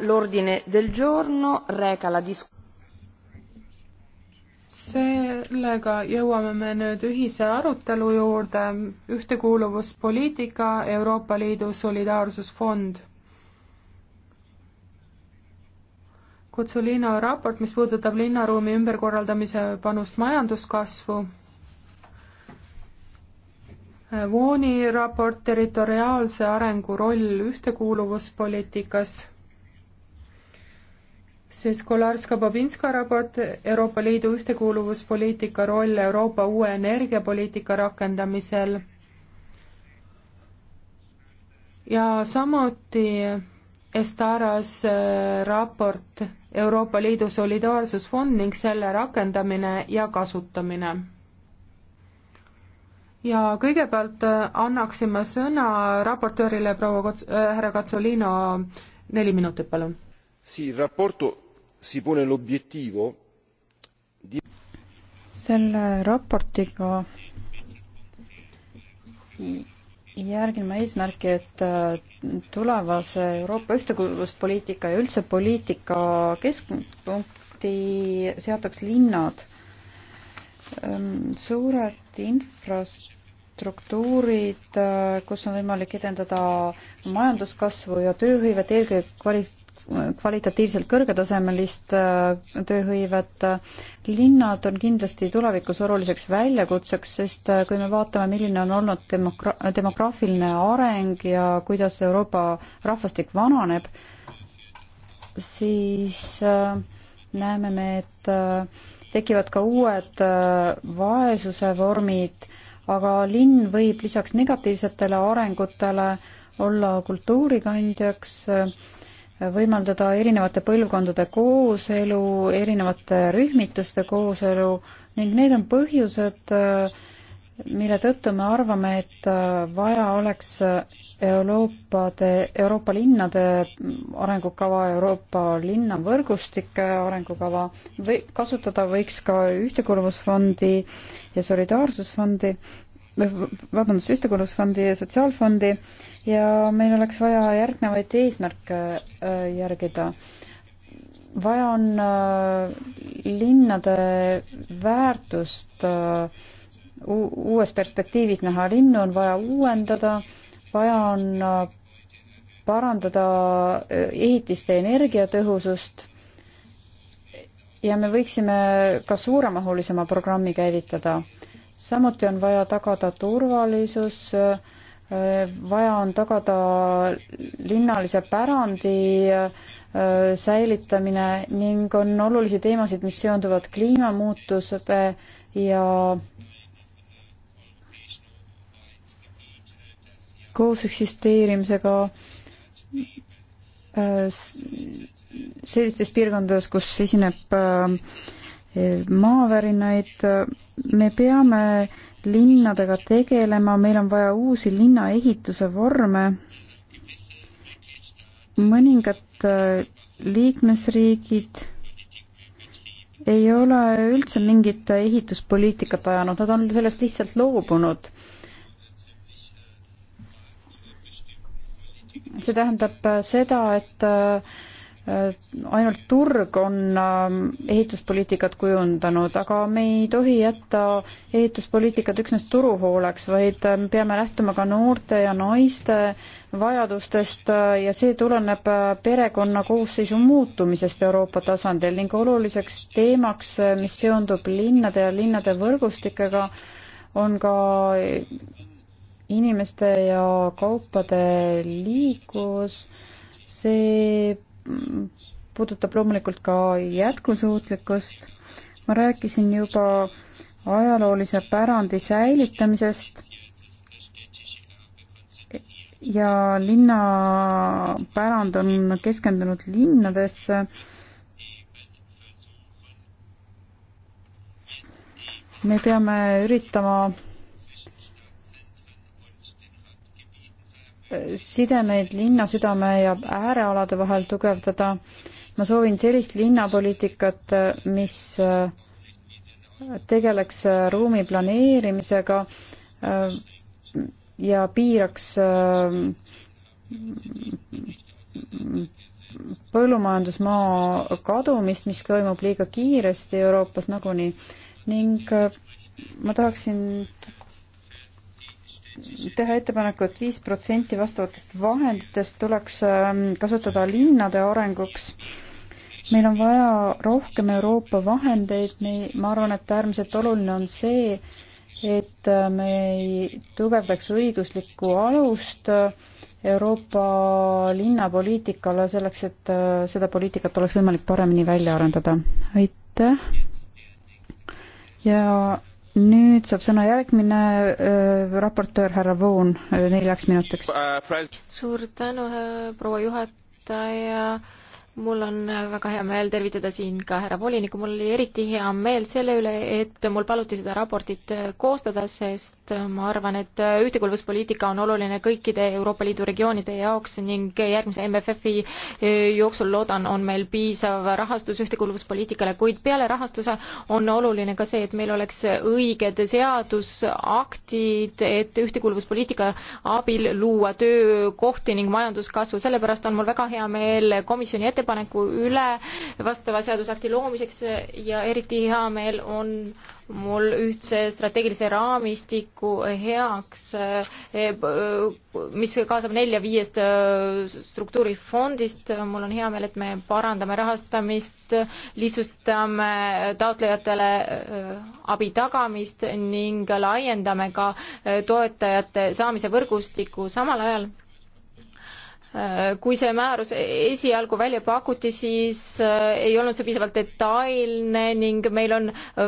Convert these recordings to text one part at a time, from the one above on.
l'ordine del giorno reca la dis- sellega jõuame me nüüd ühise arutelu juurde, ühtekuuluvuspoliitika, Euroopa Liidu solidaarsusfond. Kutsulino raport, mis puudutab linnaruumi ümberkorraldamise panust majanduskasvu. Vooni raport territoriaalse arengu roll ühtekuuluvuspoliitikas siis Kolarska-Bobinska raport Euroopa Liidu ühtekuuluvuspoliitika roll Euroopa uue energiapoliitika rakendamisel ja samuti Estaras äh, raport Euroopa Liidu solidaarsusfond ning selle rakendamine ja kasutamine. ja kõigepealt äh, annaksin ma sõna raportöörile proua Kots-, äh, härra Katsolino, neli minutit, palun Sì, la si pone l'obiettivo di... selle raportiga järgime eesmärki, et äh, tulevase Euroopa ühtekuuluvuspoliitika ja üldse poliitika keskpunkti seataks linnad. Ähm, suured infrastruktuurid, äh, kus on võimalik edendada majanduskasvu ja tööhõivet, eelkõige kvali-, kvalitatiivselt kõrgetasemelist äh, tööhõivet. linnad on kindlasti tulevikus oluliseks väljakutseks, sest äh, kui me vaatame, milline on olnud demokra-, demograafiline areng ja kuidas Euroopa rahvastik vananeb, siis äh, näeme me, et tekivad ka uued vaesuse vormid, aga linn võib lisaks negatiivsetele arengutele olla kultuurikandjaks äh, võimaldada erinevate põlvkondade kooselu, erinevate rühmituste kooselu ning need on põhjused, mille tõttu me arvame, et vaja oleks Euroopade, Euroopa linnade arengukava, Euroopa linnavõrgustike arengukava või kasutada võiks ka Ühtekuuluvusfondi ja Solidaarsusfondi vabandust, Ühtekuuluvusfondi ja Sotsiaalfondi ja meil oleks vaja järgnevaid eesmärke äh, järgida. vaja on äh, linnade väärtust äh, uues perspektiivis näha, linnu on vaja uuendada, vaja on parandada ehitiste energiatõhusust ja me võiksime ka suuremahulisema programmi käivitada samuti on vaja tagada turvalisus, vaja on tagada linnalise pärandi äh, säilitamine ning on olulisi teemasid, mis seonduvad kliimamuutuste ja koos eksisteerimisega äh, sellistes piirkondades, kus esineb äh, maavärinaid, me peame linnadega tegelema, meil on vaja uusi linnaehituse vorme. mõningad äh, liikmesriigid ei ole üldse mingit ehituspoliitikat ajanud, nad on sellest lihtsalt loobunud. see tähendab äh, seda, et äh, Äh, ainult turg on ähm, ehituspoliitikat kujundanud, aga me ei tohi jätta ehituspoliitikat üksnes turu hooleks, vaid me ähm, peame lähtuma ka noorte ja naiste vajadustest äh, ja see tuleneb äh, perekonna koosseisu muutumisest Euroopa tasandil ning oluliseks teemaks, mis seondub linnade ja linnade võrgustikega, on ka inimeste ja kaupade liiklus, see puudutab loomulikult ka jätkusuutlikkust. ma rääkisin juba ajaloolise pärandi säilitamisest ja linnapärand on keskendunud linnadesse. me peame üritama sidemeid linnasüdame ja äärealade vahel tugevdada. ma soovin sellist linnapoliitikat, mis äh, tegeleks äh, ruumi planeerimisega äh, ja piiraks põllumajandusmaa kadumist, mis toimub liiga kiiresti Euroopas nagunii ning ma tahaksin teha ettepaneku et, et viis protsenti vastavatest vahenditest tuleks ähm, kasutada linnade arenguks. meil on vaja rohkem Euroopa vahendeid, me, ma arvan, et äärmiselt oluline on see, et äh, me tugevdaks õiguslikku alust äh, Euroopa linnapoliitikale selleks, et äh, seda poliitikat oleks võimalik paremini välja arendada. aitäh ja nüüd saab sõna järgmine äh, raportöör, härra Voon, äh, neljaks minutiks. suur tänu, äh, proua juhataja mul on väga hea meel tervitada siin ka härra volinikku, mul oli eriti hea meel selle üle, et mul paluti seda raportit äh, koostada, sest äh, ma arvan, et äh, ühtekuuluvuspoliitika on oluline kõikide Euroopa Liidu regioonide jaoks ning järgmise MFF-i jooksul, loodan, on meil piisav rahastus ühtekuuluvuspoliitikale, kuid peale rahastuse on oluline ka see, et meil oleks õiged seadusaktid, et ühtekuuluvuspoliitika abil luua töökohti ning majanduskasvu, sellepärast on mul väga hea meel komisjoni ette ettepaneku üle vastava seadusakti loomiseks ja eriti hea meel on mul ühtse strateegilise raamistiku heaks, mis kaasab nelja-viiest struktuurifondist. mul on hea meel, et me parandame rahastamist, lihtsustame taotlejatele äh, abi tagamist ning laiendame ka toetajate saamise võrgustikku samal ajal kui see määrus esialgu välja pakuti, siis äh, ei olnud see piisavalt detailne ning meil on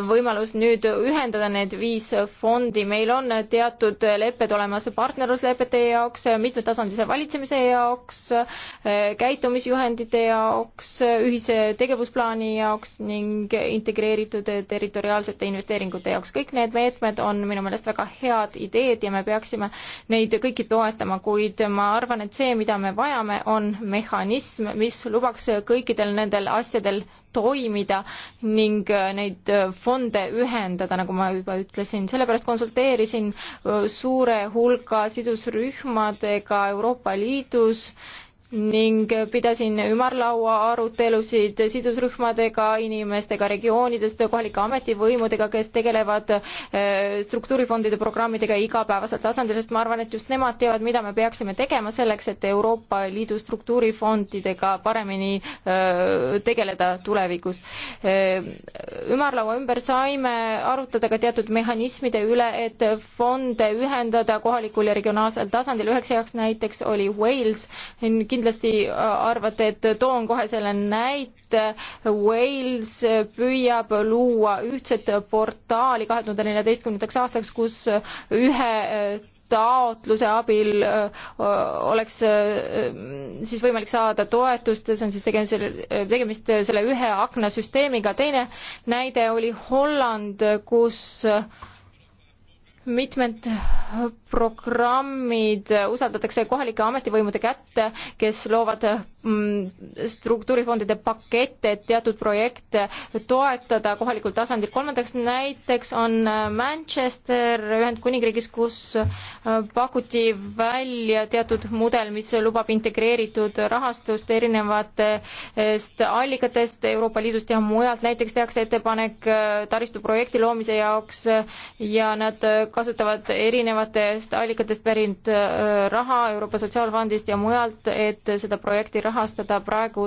võimalus nüüd ühendada need viis fondi, meil on teatud lepped olemas partnerluslepete jaoks, mitmetasandise valitsemise jaoks, äh, käitumisjuhendite jaoks, ühise tegevusplaani jaoks ning integreeritud territoriaalsete investeeringute jaoks. kõik need meetmed on minu meelest väga head ideed ja me peaksime neid kõiki toetama, kuid ma arvan, et see, mida me me vajame, on mehhanism, mis lubaks kõikidel nendel asjadel toimida ning äh, neid äh, fonde ühendada, nagu ma juba ütlesin, sellepärast konsulteerisin äh, suure hulga sidusrühmadega Euroopa Liidus äh, ning pidasin ümarlaua arutelusid sidusrühmadega, inimestega regioonidest, kohalike ametivõimudega, kes tegelevad äh, struktuurifondide programmidega igapäevasel tasandil, sest ma arvan, et just nemad teavad, mida me peaksime tegema selleks, et Euroopa Liidu struktuurifondidega paremini äh, tegeleda tulevikus. Äh, ümarlaua ümber saime arutada ka teatud mehhanismide üle, et fonde ühendada kohalikul ja regionaalsel tasandil, üheks heaks näiteks oli Wales, kindlasti äh, arvate, et toon kohe selle näite. Wales püüab luua ühtset portaali kahe tuhande neljateistkümnendaks aastaks, kus ühe äh, taotluse abil äh, oleks siis võimalik saada toetust, see on siis tegemist selle, tegemist selle ühe akna süsteemiga. teine näide oli Holland, kus äh, mitmed programmid usaldatakse kohalike ametivõimude kätte, kes loovad Mm, struktuurifondide pakett, et teatud projekte toetada kohalikul tasandil. kolmandaks näiteks on äh, Manchester Ühendkuningriigis, kus äh, pakuti välja teatud mudel, mis lubab integreeritud rahastust erinevatest äh, allikatest Euroopa Liidust ja mujalt. näiteks tehakse ettepanek taristuprojekti loomise jaoks ja nad kasutavad erinevatest allikatest pärit raha Euroopa Sotsiaalfondist ja mujalt, et seda projekti rahastada rahastada, praegu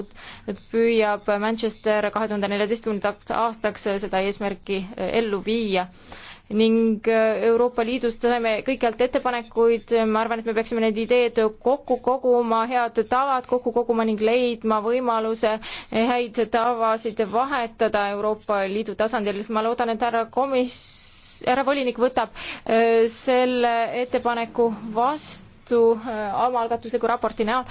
püüab Manchester kahe tuhande neljateistkümnendaks aastaks seda eesmärki eh, ellu viia ning eh, Euroopa Liidust saime kõikjalt ettepanekuid, ma arvan, et me peaksime need ideed kokku koguma, head tavad kokku koguma ning leidma võimaluse häid tavasid vahetada Euroopa Liidu tasandil, siis ma loodan, et härra komis-, härra volinik võtab eh, selle ettepaneku vastu Liitu omaalgatusliku äh, raporti näol,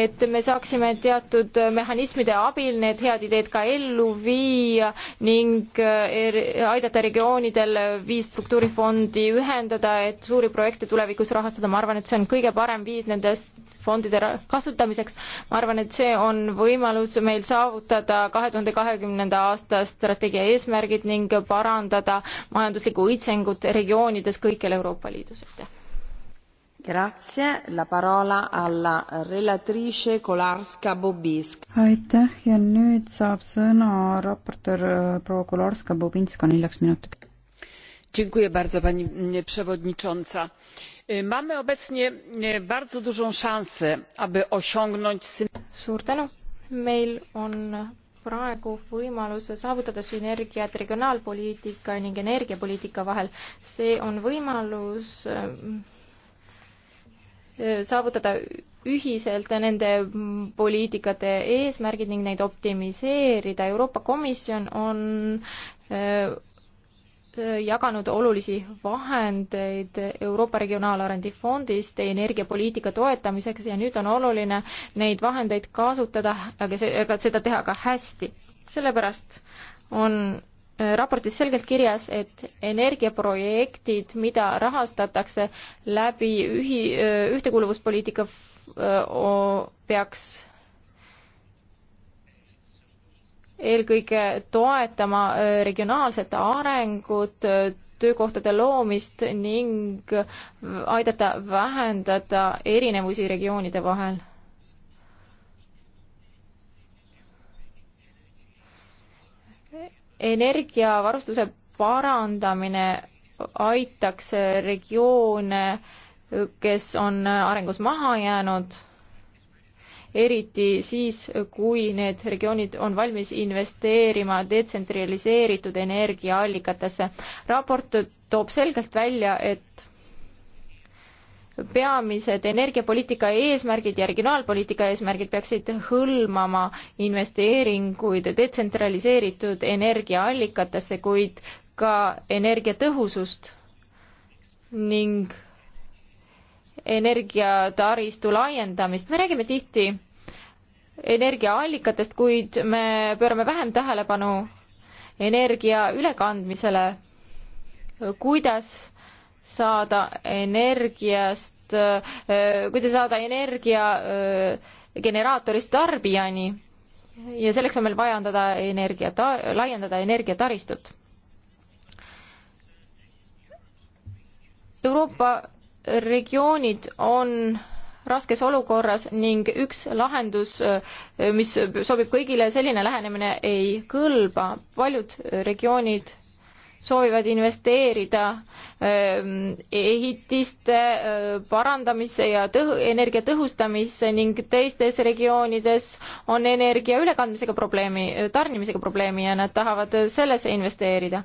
et me saaksime teatud äh, mehhanismide abil need head ideed ka ellu viia ning äh, er-, aidata regioonidel viis struktuurifondi ühendada, et suuri projekte tulevikus rahastada, ma arvan, et see on kõige parem viis nendest fondide kasutamiseks. ma arvan, et see on võimalus meil saavutada kahe tuhande kahekümnenda aasta strateegia eesmärgid ning parandada majanduslikku õitsengut regioonides kõikjal Euroopa Liidus, aitäh! aitäh ja nüüd saab sõna raportöör äh, proua Kolarska-Bobinska neljaks minutiks. Dziękuję bardzo pani mm, przewodnicząca. Mamy obecnie bardzo dużą szansę, aby osiągnąć Suur tänu. Meil on praegu võimalus saavutada sünergiat regionaalpoliitika ning energiapoliitika vahel. See on võimalus ähm, saavutada ühiselt nende poliitikate eesmärgid ning neid optimiseerida. Euroopa Komisjon on äh, äh, jaganud olulisi vahendeid Euroopa Regionaalarendi Fondist energiapoliitika toetamiseks ja nüüd on oluline neid vahendeid kasutada, aga see, aga seda teha ka hästi. sellepärast on raportis selgelt kirjas, et energiaprojektid, mida rahastatakse läbi ühi-, ühtekuuluvuspoliitika, peaks eelkõige toetama regionaalset arengut, töökohtade loomist ning aidata vähendada erinevusi regioonide vahel energiavarustuse parandamine aitaks regioone, kes on arengus maha jäänud, eriti siis, kui need regioonid on valmis investeerima detsentraliseeritud energiaallikatesse. raport toob selgelt välja, et peamised energiapoliitika eesmärgid ja regionaalpoliitika eesmärgid peaksid hõlmama investeeringuid detsentraliseeritud energiaallikatesse, kuid ka energiatõhusust ning energiataristu laiendamist, me räägime tihti energiaallikatest, kuid me pöörame vähem tähelepanu energia ülekandmisele, kuidas saada energiast, äh, kuidas saada energia äh, generaatorist tarbijani ja selleks on meil vaja andada energia, laiendada energiataristut. Euroopa regioonid on raskes olukorras ning üks lahendus, äh, mis sobib kõigile, selline lähenemine ei kõlba. paljud regioonid soovivad investeerida ähm, ehitiste äh, parandamisse ja tõhu-, energia tõhustamisse ning teistes regioonides on energia ülekandmisega probleemi, tarnimisega probleemi ja nad tahavad sellesse investeerida.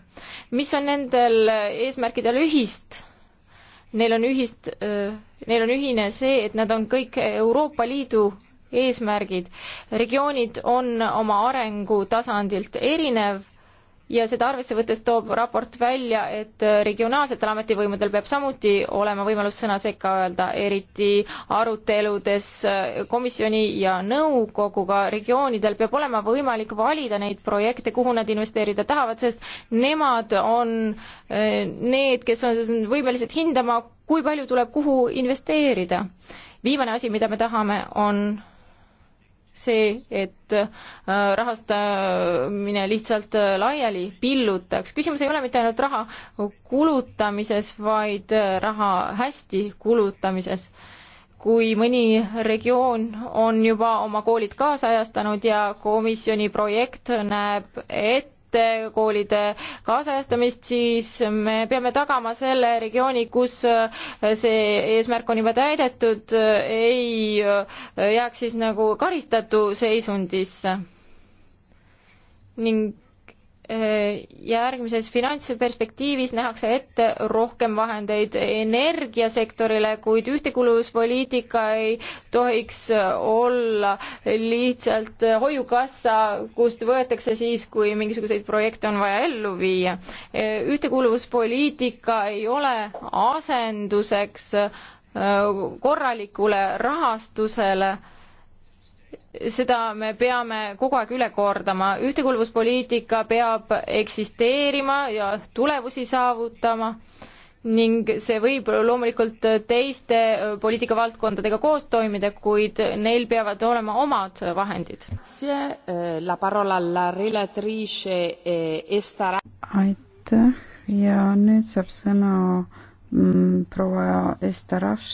mis on nendel eesmärkidel ühist? Neil on ühist, äh, neil on ühine see, et nad on kõik Euroopa Liidu eesmärgid. regioonid on oma arengu tasandilt erinev ja seda arvesse võttes toob raport välja, et regionaalsetel ametivõimudel peab samuti olema võimalus sõna sekka öelda, eriti aruteludes komisjoni ja nõukoguga. regioonidel peab olema võimalik valida neid projekte, kuhu nad investeerida tahavad, sest nemad on eh, need, kes on võimelised hindama, kui palju tuleb kuhu investeerida. viimane asi, mida me tahame, on see, et äh, rahastamine lihtsalt äh, laiali pillutaks. küsimus ei ole mitte ainult raha kulutamises, vaid äh, raha hästi kulutamises. kui mõni regioon on juba oma koolid kaasajastanud ja komisjoni projekt näeb ette, koolide kaasajastamist, siis me peame tagama selle regiooni, kus äh, see eesmärk on juba täidetud, äh, ei äh, jääks siis nagu karistatu seisundisse. ning järgmises finantsperspektiivis nähakse ette rohkem vahendeid energiasektorile, kuid ühtekuuluvuspoliitika ei tohiks olla lihtsalt hoiukassa, kust võetakse siis, kui mingisuguseid projekte on vaja ellu viia. ühtekuuluvuspoliitika ei ole asenduseks korralikule rahastusele seda me peame kogu aeg üle kordama. ühtekuuluvuspoliitika peab eksisteerima ja tulevusi saavutama ning see võib loomulikult teiste äh, poliitikavaldkondadega koos toimida, kuid neil peavad olema omad vahendid. Äh, äh, aitäh ja nüüd saab sõna mm, proua Estaraš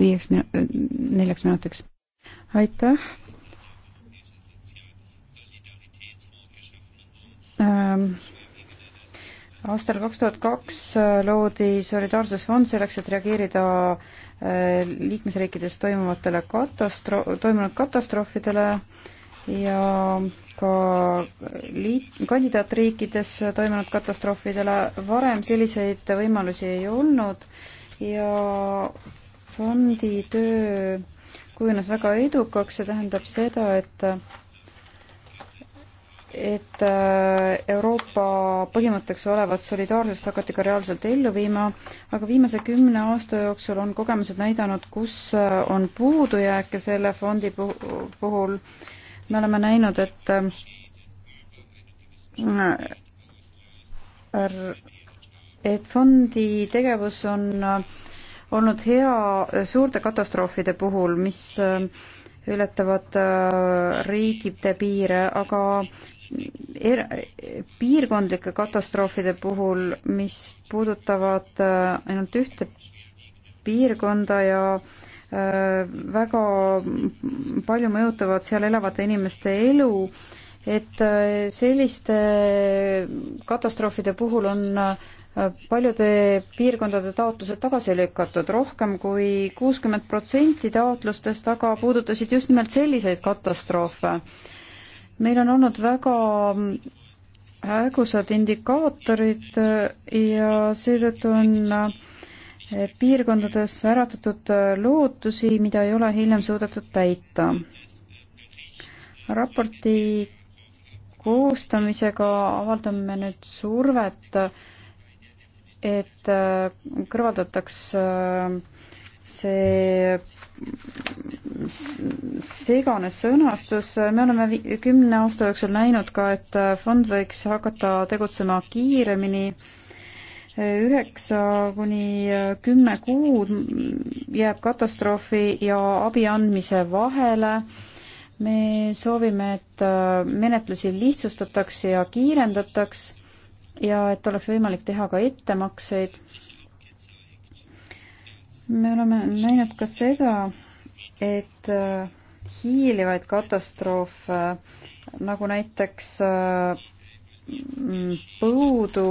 viieks minu-, neljaks minutiks. aitäh Ehm, aastal kaks tuhat kaks äh, loodi Solidaarsusfond selleks, et reageerida äh, liikmesriikides toimuvatele katastro-, toimunud katastroofidele ja ka liit-, kandidaatriikides toimunud katastroofidele. varem selliseid võimalusi ei olnud ja fondi töö kujunes väga edukaks, see tähendab seda, et et äh, Euroopa põhimõtteks olevat solidaarsust hakati ka reaalselt ellu viima, aga viimase kümne aasta jooksul on kogemused näidanud, kus äh, on puudujääke selle fondi puhul. me oleme näinud, et äh, et fondi tegevus on olnud hea suurte katastroofide puhul, mis ületavad riigite piire, aga er, piirkondlike katastroofide puhul, mis puudutavad äh, ainult ühte piirkonda ja äh, väga palju mõjutavad seal elavate inimeste elu, et äh, selliste katastroofide puhul on paljude piirkondade taotlused tagasi lükatud, rohkem kui kuuskümmend protsenti taotlustest aga puudutasid just nimelt selliseid katastroofe meil on olnud väga ägusad indikaatorid äh, ja seetõttu on äh, piirkondades äratatud äh, lootusi, mida ei ole hiljem suudetud täita. raporti koostamisega avaldame nüüd survet, et kõrvaldataks äh, see segane sõnastus, me oleme kümne aasta jooksul näinud ka, et fond võiks hakata tegutsema kiiremini, üheksa kuni kümme kuud jääb katastroofi ja abi andmise vahele. me soovime, et menetlusi lihtsustataks ja kiirendataks ja et oleks võimalik teha ka ettemakseid me oleme näinud ka seda, et äh, hiilivaid katastroofe, äh, nagu näiteks äh, põudu,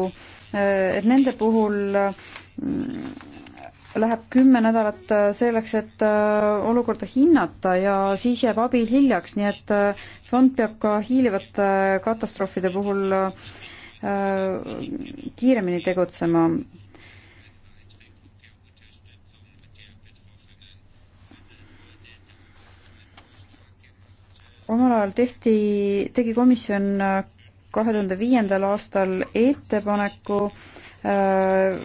et nende puhul läheb kümme nädalat selleks, et olukorda hinnata ja siis jääb abi hiljaks, nii et fond peab ka hiilivate katastroofide puhul kiiremini tegutsema. omal ajal tehti, tegi komisjon äh, kahe tuhande viiendal aastal ettepaneku äh,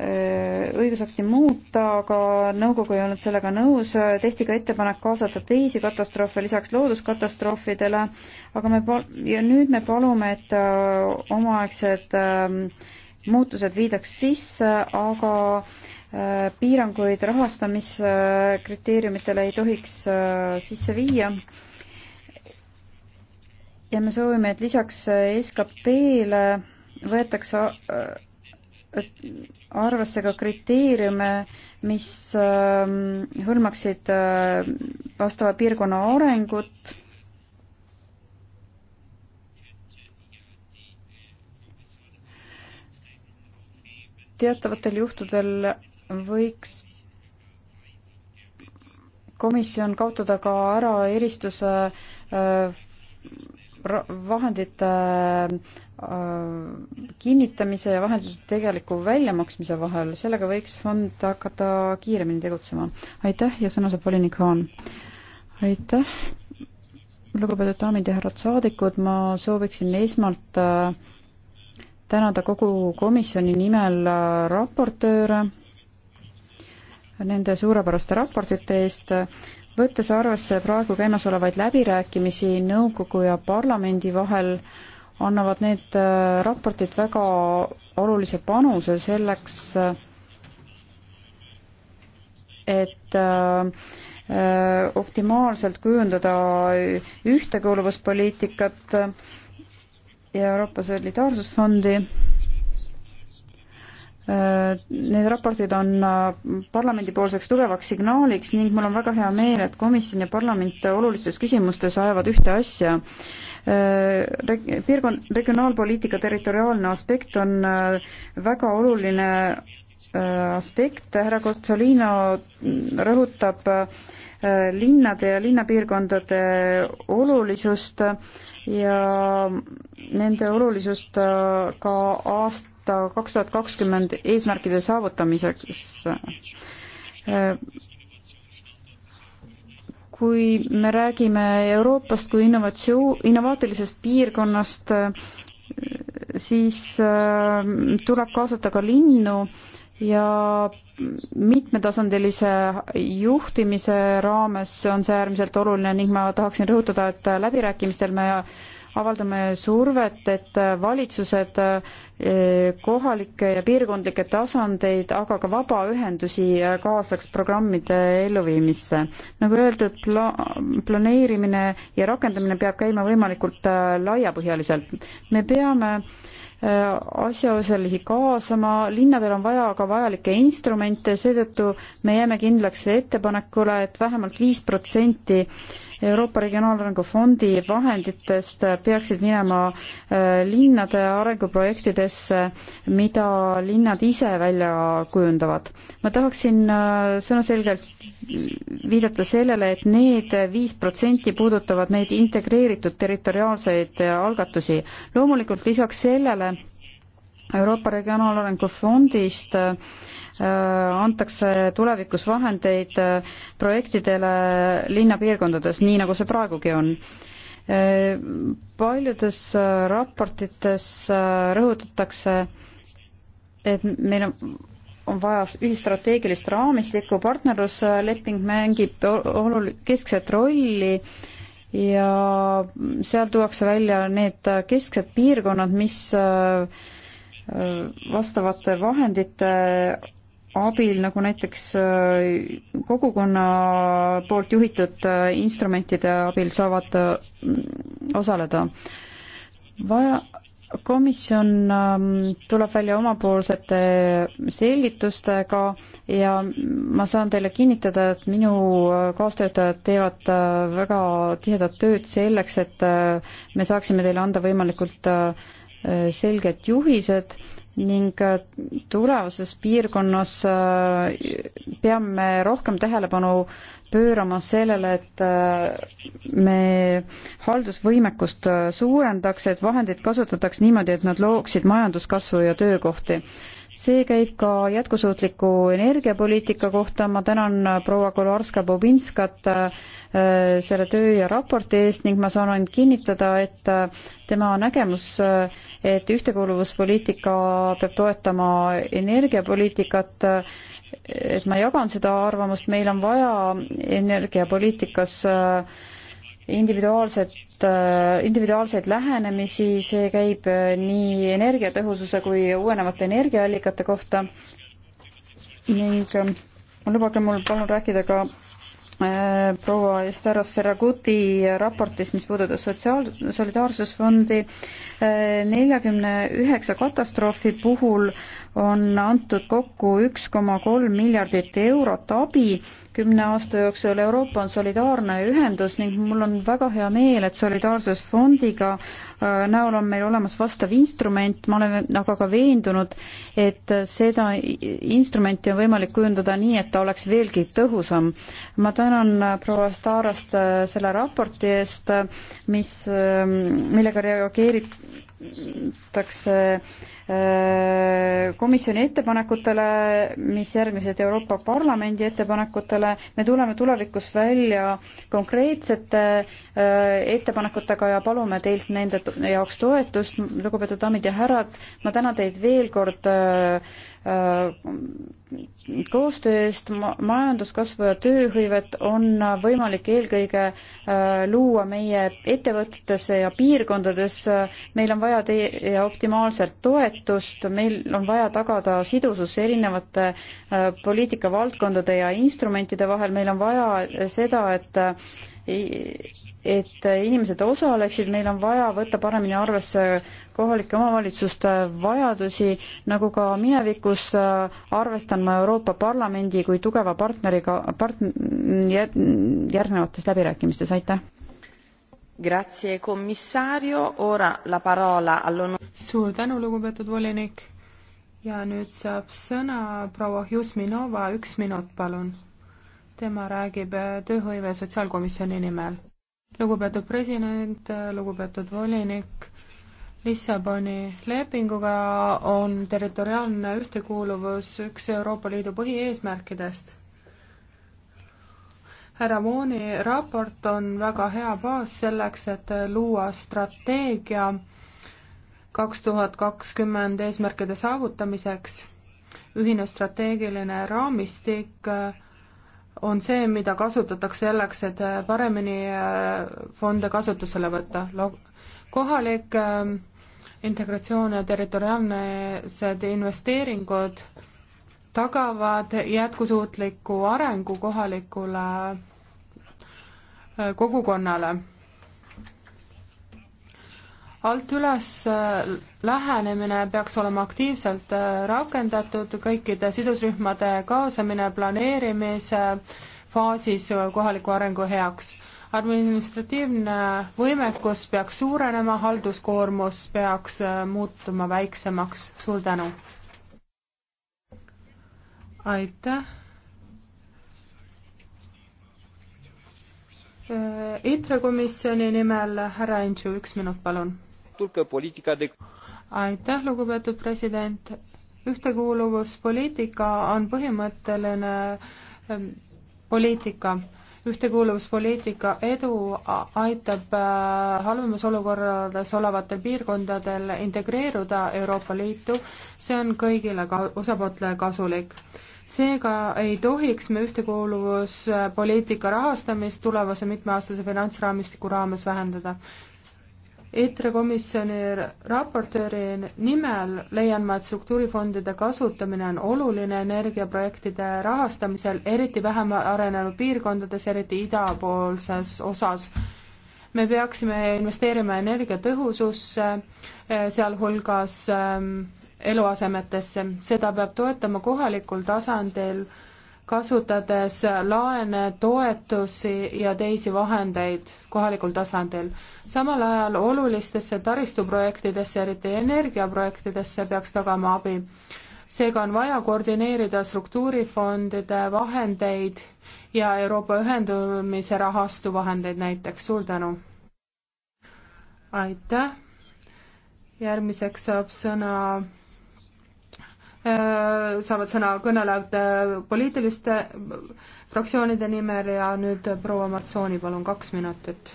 äh, õigusakti muuta, aga nõukogu ei olnud sellega nõus, tehti ka ettepanek kaasata teisi katastroofe lisaks looduskatastroofidele, aga me pal-, ja nüüd me palume, et äh, omaaegsed ähm, muutused viidaks sisse, aga piiranguid rahastamiskriteeriumitele ei tohiks äh, sisse viia. ja me soovime, et lisaks SKP-le võetakse äh, arvesse ka kriteeriume, mis äh, hõlmaksid vastava piirkonna arengut teatavatel juhtudel võiks komisjon kaotada ka ära eristuse äh, vahendite äh, kinnitamise ja vahendite tegeliku väljamaksmise vahel, sellega võiks fond hakata kiiremini tegutsema. aitäh ja sõna saab volinik Haan. aitäh, lugupeetud daamid ja härrad saadikud, ma sooviksin esmalt äh, tänada kogu komisjoni nimel raportööre nende suurepäraste raportite eest, võttes arvesse praegu käimasolevaid läbirääkimisi nõukogu ja parlamendi vahel, annavad need äh, raportid väga olulise panuse selleks, et äh, äh, optimaalselt kujundada ühtekuuluvuspoliitikat ja Euroopa Solidaarsusfondi Äh, need raportid on äh, parlamendipoolseks tugevaks signaaliks ning mul on väga hea meel, et komisjon ja parlament olulistes küsimustes ajavad ühte asja. Äh, Piirkond, regionaalpoliitika territoriaalne aspekt on väga oluline aspekt, härra Cozzolino rõhutab linnade ja linnapiirkondade olulisust ja nende olulisust ka aast-, võtta kaks tuhat kakskümmend eesmärkide saavutamiseks. kui me räägime Euroopast kui innovatsioon, innovaatilisest piirkonnast, siis äh, tuleb kaasata ka linnu ja mitmetasandilise juhtimise raames on see äärmiselt oluline ning ma tahaksin rõhutada, et läbirääkimistel me avaldame survet, et valitsused äh, Eh, kohalikke ja piirkondlikke tasandeid, aga ka vabaühendusi eh, kaasaks programmide elluviimisse. nagu öeldud, pla-, planeerimine ja rakendamine peab käima võimalikult eh, laiapõhjaliselt. me peame asjaosalisi kaasama, linnadel on vaja ka vajalikke instrumente, seetõttu me jääme kindlaks ettepanekule, et vähemalt viis protsenti Euroopa Regionaalarengu Fondi vahenditest peaksid minema äh, linnade arenguprojektidesse, mida linnad ise välja kujundavad. ma tahaksin äh, sõnaselgelt viidata sellele, et need viis protsenti puudutavad neid integreeritud territoriaalseid äh, algatusi. loomulikult lisaks sellele Euroopa Regionaalarengu Fondist äh, Äh, antakse tulevikus vahendeid äh, projektidele linnapiirkondades, nii nagu see praegugi on äh, paljudes raportites rõhutatakse, et meil on, on vaja ühistrateegilist raamistikku, partnerlusleping mängib olul-, keskset rolli ja seal tuuakse välja need kesksed piirkonnad, mis vastavate vahendite abil, nagu näiteks äh, kogukonna poolt juhitud äh, instrumentide abil saavad äh, osaleda. vaja, komisjon ähm, tuleb välja omapoolsete selgitustega ja ma saan teile kinnitada, et minu kaastöötajad teevad väga tihedat tööd selleks, et me saaksime teile anda võimalikult selged juhised ning äh, tulevases piirkonnas äh, peame rohkem tähelepanu pöörama sellele, et äh, me haldusvõimekust suurendaks, et vahendeid kasutataks niimoodi, et nad looksid majanduskasvu ja töökohti. see käib ka jätkusuutliku energiapoliitika kohta, ma tänan proua Kolarska-Bobinskat, Äh, selle töö ja raporti eest ning ma saan ainult kinnitada, et äh, tema nägemus, äh, et ühtekuuluvuspoliitika peab toetama energiapoliitikat, et ma jagan seda arvamust, meil on vaja energiapoliitikas individuaalset, individuaalseid lähenemisi, see käib nii energiatõhususe kui uuenevate energiaallikate kohta ning lubage mul palun rääkida ka Äh, proua Esteros Ferraguti raportis, mis puudutas sotsiaal-, solidaarsusfondi, äh, neljakümne üheksa katastroofi puhul on antud kokku üks koma kolm miljardit eurot abi kümne aasta jooksul. Euroopa on solidaarne ühendus ning mul on väga hea meel, et solidaarsusfondiga äh, näol on meil olemas vastav instrument, ma olen aga ka veendunud, et seda instrumenti on võimalik kujundada nii, et ta oleks veelgi tõhusam. ma tänan äh, proua Starast äh, selle raporti eest, mis, millega reageeritakse komisjoni ettepanekutele, mis järgnesid Euroopa Parlamendi ettepanekutele. me tuleme tulevikus välja konkreetsete ettepanekutega ja palume teilt nende jaoks toetust. lugupeetud daamid ja härrad, ma tänan teid veel kord Äh, koostööst, majanduskasvu ja tööhõivet on võimalik eelkõige äh, luua meie ettevõtetesse ja piirkondades. meil on vaja teie optimaalset toetust, meil on vaja tagada sidusus erinevate äh, poliitikavaldkondade ja instrumentide vahel, meil on vaja seda, et et inimesed osaleksid, meil on vaja võtta paremini arvesse kohalike omavalitsuste vajadusi, nagu ka minevikus äh, arvestan ma Euroopa Parlamendi kui tugeva partneriga part-, järgnevates läbirääkimistes, aitäh! Grazie commissario, ora la parola all'on-. suur tänu, lugupeetud volinik! ja nüüd saab sõna proua Hjusminova, üks minut, palun tema räägib äh, tööhõive sotsiaalkomisjoni nimel. lugupeetud president, äh, lugupeetud volinik, Lissaboni lepinguga on territoriaalne ühtekuuluvus üks Euroopa Liidu põhieesmärkidest härra Mooni raport on väga hea baas selleks, et äh, luua strateegia kaks tuhat kakskümmend eesmärkide saavutamiseks, ühine strateegiline raamistik on see, mida kasutatakse selleks, et paremini äh, fonde kasutusele võtta. kohalik äh, integratsioon ja territoriaalsed investeeringud tagavad jätkusuutliku arengu kohalikule äh, kogukonnale alt üles äh, lähenemine peaks olema aktiivselt äh, rakendatud, kõikide sidusrühmade kaasamine planeerimise faasis kohaliku arengu heaks. administratiivne võimekus peaks suurenema, halduskoormus peaks äh, muutuma väiksemaks, suur tänu! aitäh! ITRE komisjoni nimel härra Entšu, üks minut, palun faptul că politica de aitäh, lugupeetud president. ühtekuuluvuspoliitika on põhimõtteline ähm, poliitika. ühtekuuluvuspoliitika edu aitab äh, halvemas olukorras olevatel piirkondadel integreeruda Euroopa Liitu, see on kõigile ka osapooltele kasulik seega ei tohiks me ühtekuuluvuspoliitika rahastamist tulevase mitmeaastase finantsraamistiku raames vähendada. EITRE komisjoni raportööri nimel leian ma, et struktuurifondide kasutamine on oluline energiaprojektide rahastamisel, eriti vähem arenenud piirkondades, eriti idapoolses osas. me peaksime investeerima energiatõhususse, eh, sealhulgas ehm, eluasemetesse, seda peab toetama kohalikul tasandil kasutades laene, toetusi ja teisi vahendeid kohalikul tasandil. samal ajal olulistesse taristuprojektidesse, eriti energiaprojektidesse, peaks tagama abi. seega on vaja koordineerida struktuurifondide vahendeid ja Euroopa ühendamise rahastu vahendeid näiteks, suur tänu! aitäh! järgmiseks saab sõna Äh, saavad sõna kõnelejad äh, poliitiliste äh, fraktsioonide nimel ja nüüd proua Matsooni, palun kaks minutit.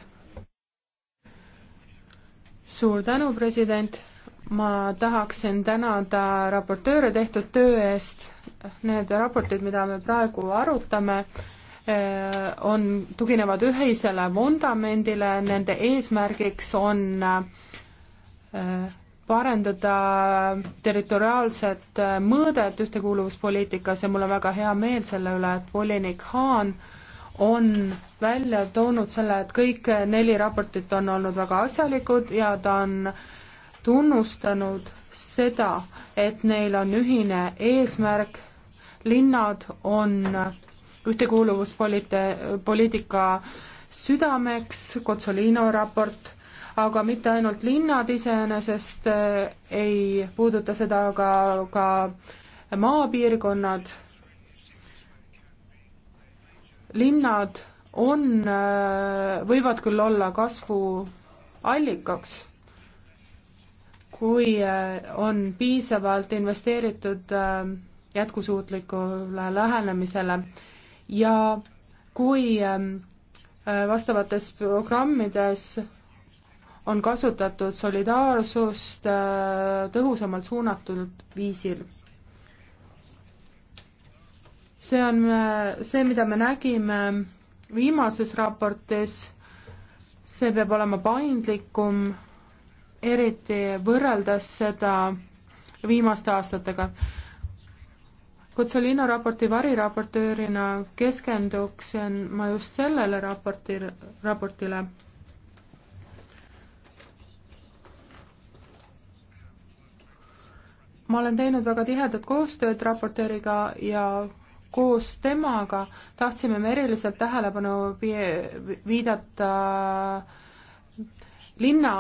suur tänu, president, ma tahaksin tänada raportööre tehtud töö eest, need raportid, mida me praegu arutame, on, tuginevad ühisele vundamendile, nende eesmärgiks on äh, parendada territoriaalset äh, mõõdet ühtekuuluvuspoliitikas ja mul on väga hea meel selle üle, et volinik Haan on välja toonud selle, et kõik neli raportit on olnud väga asjalikud ja ta on tunnustanud seda, et neil on ühine eesmärk, linnad on ühtekuuluvuspoliitika südameks, Kotsolino raport aga mitte ainult linnad iseenesest eh, ei puuduta seda, aga ka maapiirkonnad. linnad on, eh, võivad küll olla kasvuallikaks, kui eh, on piisavalt investeeritud jätkusuutlikule lähenemisele ja kui vastavates programmides on kasutatud solidaarsust äh, tõhusamalt suunatud viisil. see on äh, see, mida me nägime viimases raportis, see peab olema paindlikum, eriti võrreldes seda viimaste aastatega. Kutsolino raporti variraportöörina keskenduksin ma just sellele raporti, raportile ma olen teinud väga tihedat koostööd raportööriga ja koos temaga tahtsime me eriliselt tähelepanu viidata äh, linna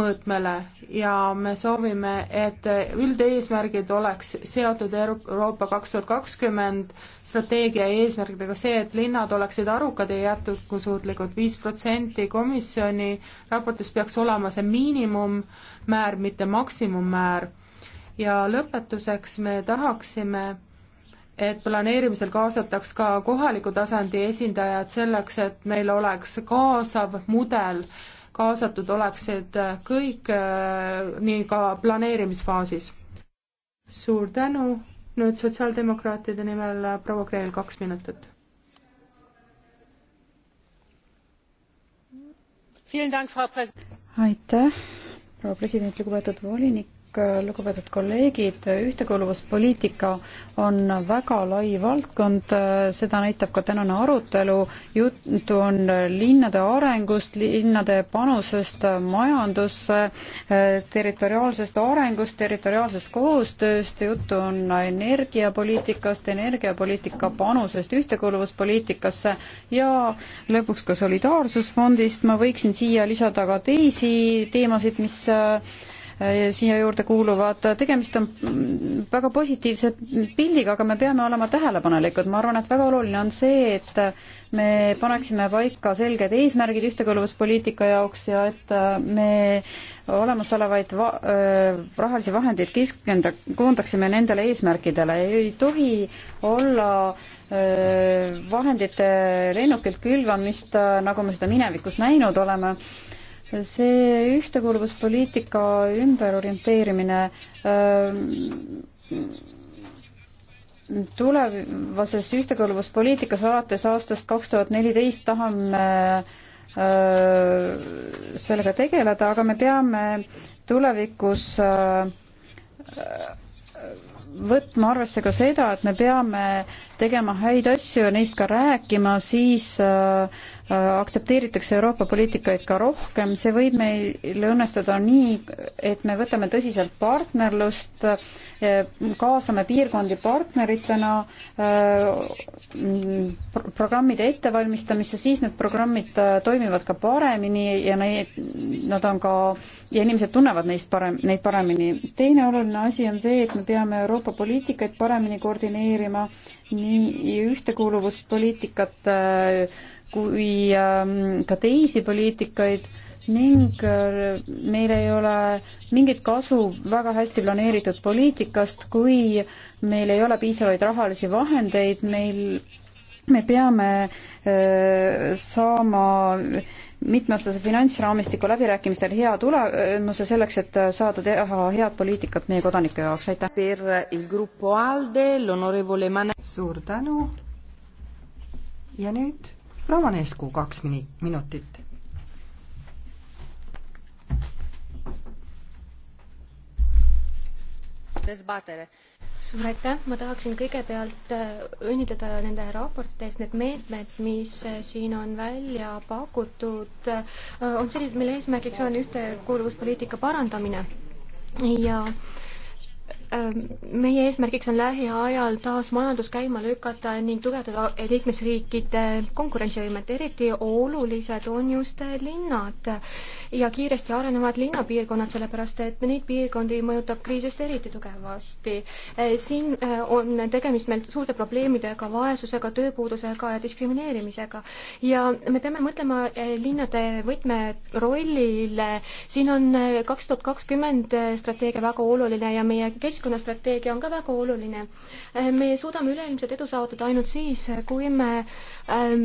mõõtmele ja me soovime, et üldeesmärgid oleks seotud Euroopa kaks tuhat kakskümmend strateegia eesmärgidega, see, et linnad oleksid arukad ja jätkusuutlikud, viis protsenti komisjoni raportis peaks olema see miinimummäär, mitte maksimummäär ja lõpetuseks me tahaksime, et planeerimisel kaasataks ka kohaliku tasandi esindajad selleks, et meil oleks kaasav mudel, kaasatud oleksid kõik äh, nii ka planeerimisfaasis. suur tänu, nüüd sotsiaaldemokraatide nimel äh, proua Kreel, kaks minutit. aitäh, proua president, lugupeetud volinik lugupeetud kolleegid, ühtekuuluvuspoliitika on väga lai valdkond, seda näitab ka tänane arutelu, juttu on linnade arengust, linnade panusest majandusse, territoriaalsest arengust, territoriaalsest koostööst, juttu on energiapoliitikast, energiapoliitika panusest ühtekuuluvuspoliitikasse ja lõpuks ka solidaarsusfondist, ma võiksin siia lisada ka teisi teemasid, mis Äh, siia juurde kuuluvad. tegemist on väga positiivse pildiga, aga me peame olema tähelepanelikud. ma arvan, et väga oluline on see, et me paneksime paika selged eesmärgid ühtekõlbuspoliitika jaoks ja et äh, me olemasolevaid va äh, rahalisi vahendeid keskenda-, koondaksime nendele eesmärkidele. ei tohi olla vahendite lennukilt külvamist, nagu me seda minevikus näinud oleme see ühtekuuluvuspoliitika ümberorienteerimine ähm, tulevases ühtekuuluvuspoliitikas alates aastast kaks tuhat neliteist tahame äh, sellega tegeleda, aga me peame tulevikus äh, võtma arvesse ka seda, et me peame tegema häid asju ja neist ka rääkima, siis äh, aktsepteeritakse Euroopa poliitikaid ka rohkem, see võib meil õnnestuda nii, et me võtame tõsiselt partnerlust, kaasame piirkondi partneritena programmide ettevalmistamisse, siis need programmid äh, toimivad ka paremini ja neid, nad on ka, ja inimesed tunnevad neist parem, neid paremini. teine oluline asi on see, et me peame Euroopa poliitikaid paremini koordineerima, nii ühtekuuluvuspoliitikat äh, kui ähm, ka teisi poliitikaid ning äh, meil ei ole mingit kasu väga hästi planeeritud poliitikast, kui meil ei ole piisavaid rahalisi vahendeid, meil, me peame öö, äh, saama mitmeaastase finantsraamistiku läbirääkimistel hea tulemuse selleks, et saada teha head poliitikat meie kodanike jaoks, aitäh! suur tänu ja nüüd Ravanescu kaks mini-, minutit. suur aitäh, ma tahaksin kõigepealt äh, õnnitleda nende raportite eest, need meetmed, mis äh, siin on välja pakutud, äh, on sellised, mille eesmärgiks on ühtekuuluvuspoliitika parandamine ja äh, Äh, meie eesmärgiks on lähiajal taas majandus käima lükata ning tugevdada liikmesriikide konkurentsivõimet. eriti olulised on just linnad ja kiiresti arenevad linnapiirkonnad, sellepärast et neid piirkondi mõjutab kriisist eriti tugevasti. Äh, siin äh, on tegemist meil suurte probleemidega, vaesusega, tööpuudusega ja diskrimineerimisega. ja me peame mõtlema linnade võtmerollile. siin on kaks tuhat kakskümmend strateegia väga oluline ja meie kes-, keskkonnastrateegia on ka väga oluline. Äh, me suudame üleilmset edu saavutada ainult siis, äh, kui me ähm,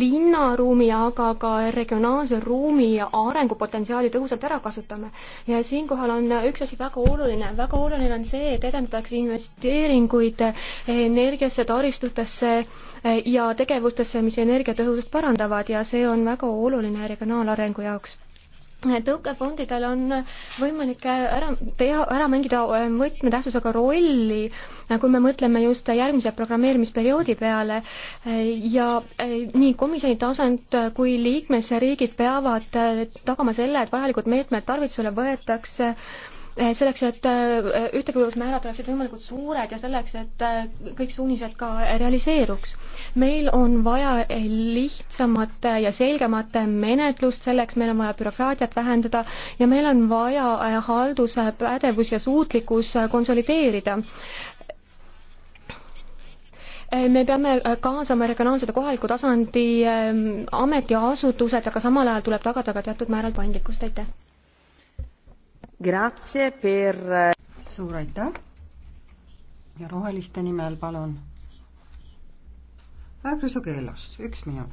linnaruumi, aga ka regionaalse ruumi arengupotentsiaali tõhusalt ära kasutame. ja siinkohal on üks asi väga oluline, väga oluline on see, et edendatakse investeeringuid äh, energiasse, taristutesse ja tegevustesse, mis energiatõhusust parandavad ja see on väga oluline regionaalarengu jaoks tõukefondidel on võimalik ära teha, ära mängida äh, võtmetähtsusega rolli, äh, kui me mõtleme just järgmise programmeerimisperioodi peale äh, ja nii komisjoni tasand kui liikmesriigid peavad tagama selle, et vajalikud meetmed tarvitusele võetakse Eh, selleks, et eh, ühtekuuluvusmäärad oleksid võimalikult suured ja selleks, et eh, kõik suunised ka realiseeruks. meil on vaja lihtsamat ja selgemat menetlust, selleks meil on vaja bürokraatiat vähendada ja meil on vaja halduspädevus ja suutlikkus konsolideerida me peame kaasama regionaalsed ja kohaliku tasandi ametiasutused, aga samal ajal tuleb tagada ka teatud määral paindlikkust, aitäh! Per... Eh, suur aitäh ja roheliste nimel palun. härra Krüsokeelos, üks minut.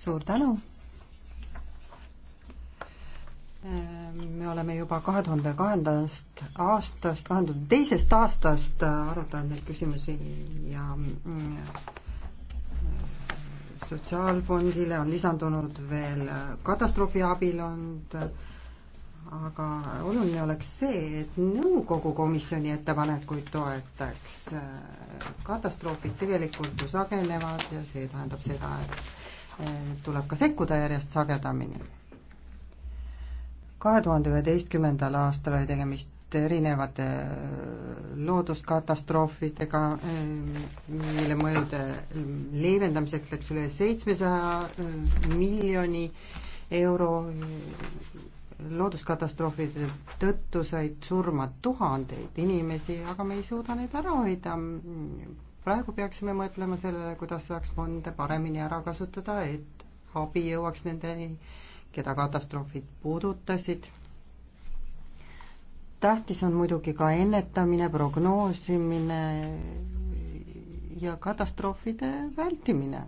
suur tänu. Ehm, me oleme juba kahe tuhande kahendast aastast, kahe tuhande teisest aastast äh, arutanud neid küsimusi ja mm, sotsiaalfondile on lisandunud veel katastroofiabilond, aga oluline oleks see, et nõukogu komisjoni ettepanekuid toetaks. katastroofid tegelikult ju sagenevad ja see tähendab seda, et tuleb ka sekkuda järjest sagedamini. kahe tuhande üheteistkümnendal aastal oli tegemist erinevate äh, looduskatastroofidega, äh, mille mõjude äh, leevendamiseks läks üle seitsmesaja miljoni euro. looduskatastroofide tõttu said surma tuhandeid inimesi, aga me ei suuda neid ära hoida. praegu peaksime mõtlema sellele, kuidas saaks fonde paremini ära kasutada, et abi jõuaks nendeni, keda katastroofid puudutasid tähtis on muidugi ka ennetamine, prognoosimine ja katastroofide vältimine.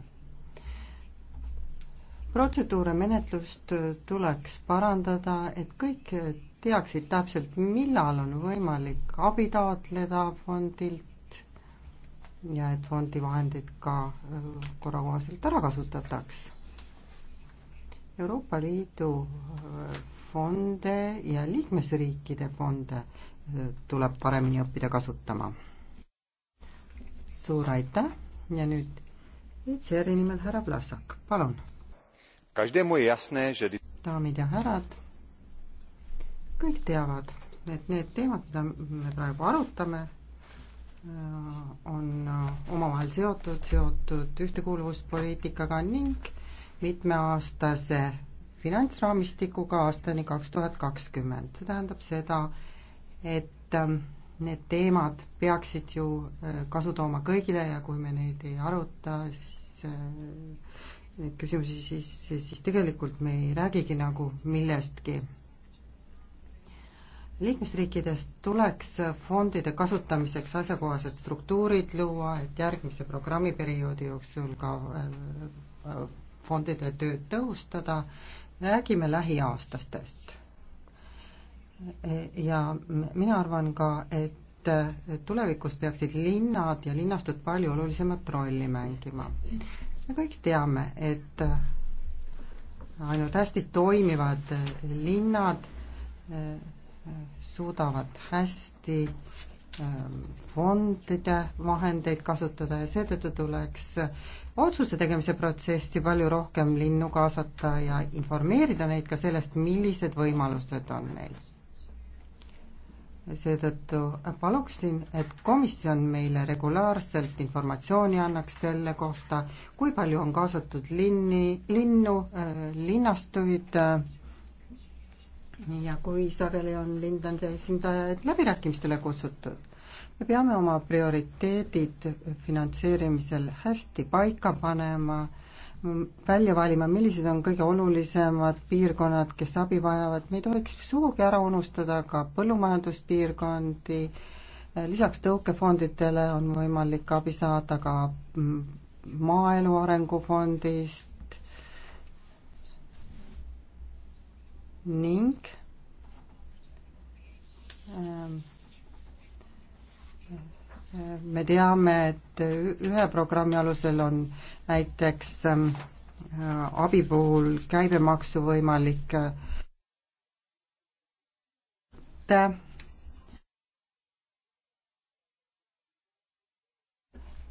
protseduure, menetlust tuleks parandada, et kõik teaksid täpselt, millal on võimalik abi taotleda fondilt ja et fondi vahendeid ka äh, korrakohaselt ära kasutataks Euroopa Liidu äh, fonde ja liikmesriikide fonde eh, tuleb paremini õppida kasutama. suur aitäh ja nüüd ECR-i nimel härra Vlasak, palun. daamid ja härrad, kõik teavad, et need teemad, mida me praegu arutame, eh, on eh, omavahel seotud, seotud ühtekuuluvuspoliitikaga ning mitmeaastase finantsraamistikuga aastani kaks tuhat kakskümmend. see tähendab seda, et ähm, need teemad peaksid ju äh, kasu tooma kõigile ja kui me neid ei aruta, siis äh, neid küsimusi, siis, siis, siis tegelikult me ei räägigi nagu millestki. liikmesriikidest tuleks fondide kasutamiseks asjakohased struktuurid luua, et järgmise programmiperioodi jooksul ka äh, fondide tööd tõhustada räägime lähiaastastest. ja mina arvan ka, et tulevikus peaksid linnad ja linnastud palju olulisemat rolli mängima. me kõik teame, et ainult hästi toimivad linnad eh, suudavad hästi eh, fondide vahendeid kasutada ja seetõttu tuleks otsuste tegemise protsessi palju rohkem linnu kaasata ja informeerida neid ka sellest, millised võimalused on neil. seetõttu paluksin, et komisjon meile regulaarselt informatsiooni annaks selle kohta, kui palju on kaasatud linni, linnu, äh, linnastuid äh, ja kui sageli on lindade esindajaid läbirääkimistele kutsutud me peame oma prioriteedid finantseerimisel hästi paika panema, välja valima, millised on kõige olulisemad piirkonnad, kes abi vajavad, me ei tohiks sugugi ära unustada ka põllumajanduspiirkondi, lisaks tõukefondidele on võimalik abi saada ka mm, maaelu arengufondist ning ähm, me teame, et ühe programmi alusel on näiteks ähm, abi puhul käibemaksu võimalik äh,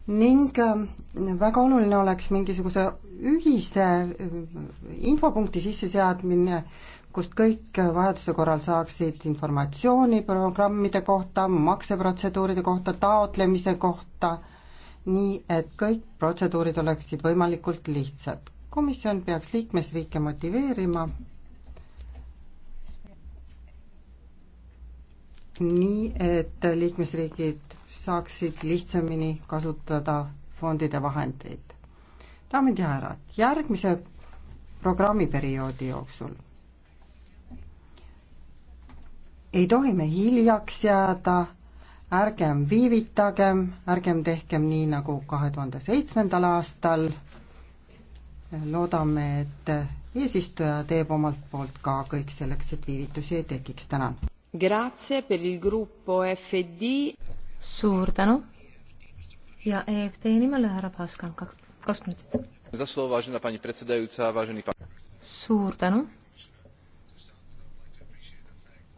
ning äh, väga oluline oleks mingisuguse ühise äh, infopunkti sisseseadmine, kust kõik vajaduse korral saaksid informatsiooni programmide kohta, makseprotseduuride kohta, taotlemise kohta, nii et kõik protseduurid oleksid võimalikult lihtsad. komisjon peaks liikmesriike motiveerima nii, et liikmesriigid saaksid lihtsamini kasutada fondide vahendeid. daamid ja härrad, järgmise programmiperioodi jooksul ei tohi me hiljaks jääda, ärgem viivitagem, ärgem tehkem nii, nagu kahe tuhande seitsmendal aastal. loodame, et eesistuja teeb omalt poolt ka kõik selleks, et viivitusi ei tekiks. tänan. suur tänu ja EFT nimel härra Paskan, kaks, kaks minutit. suur tänu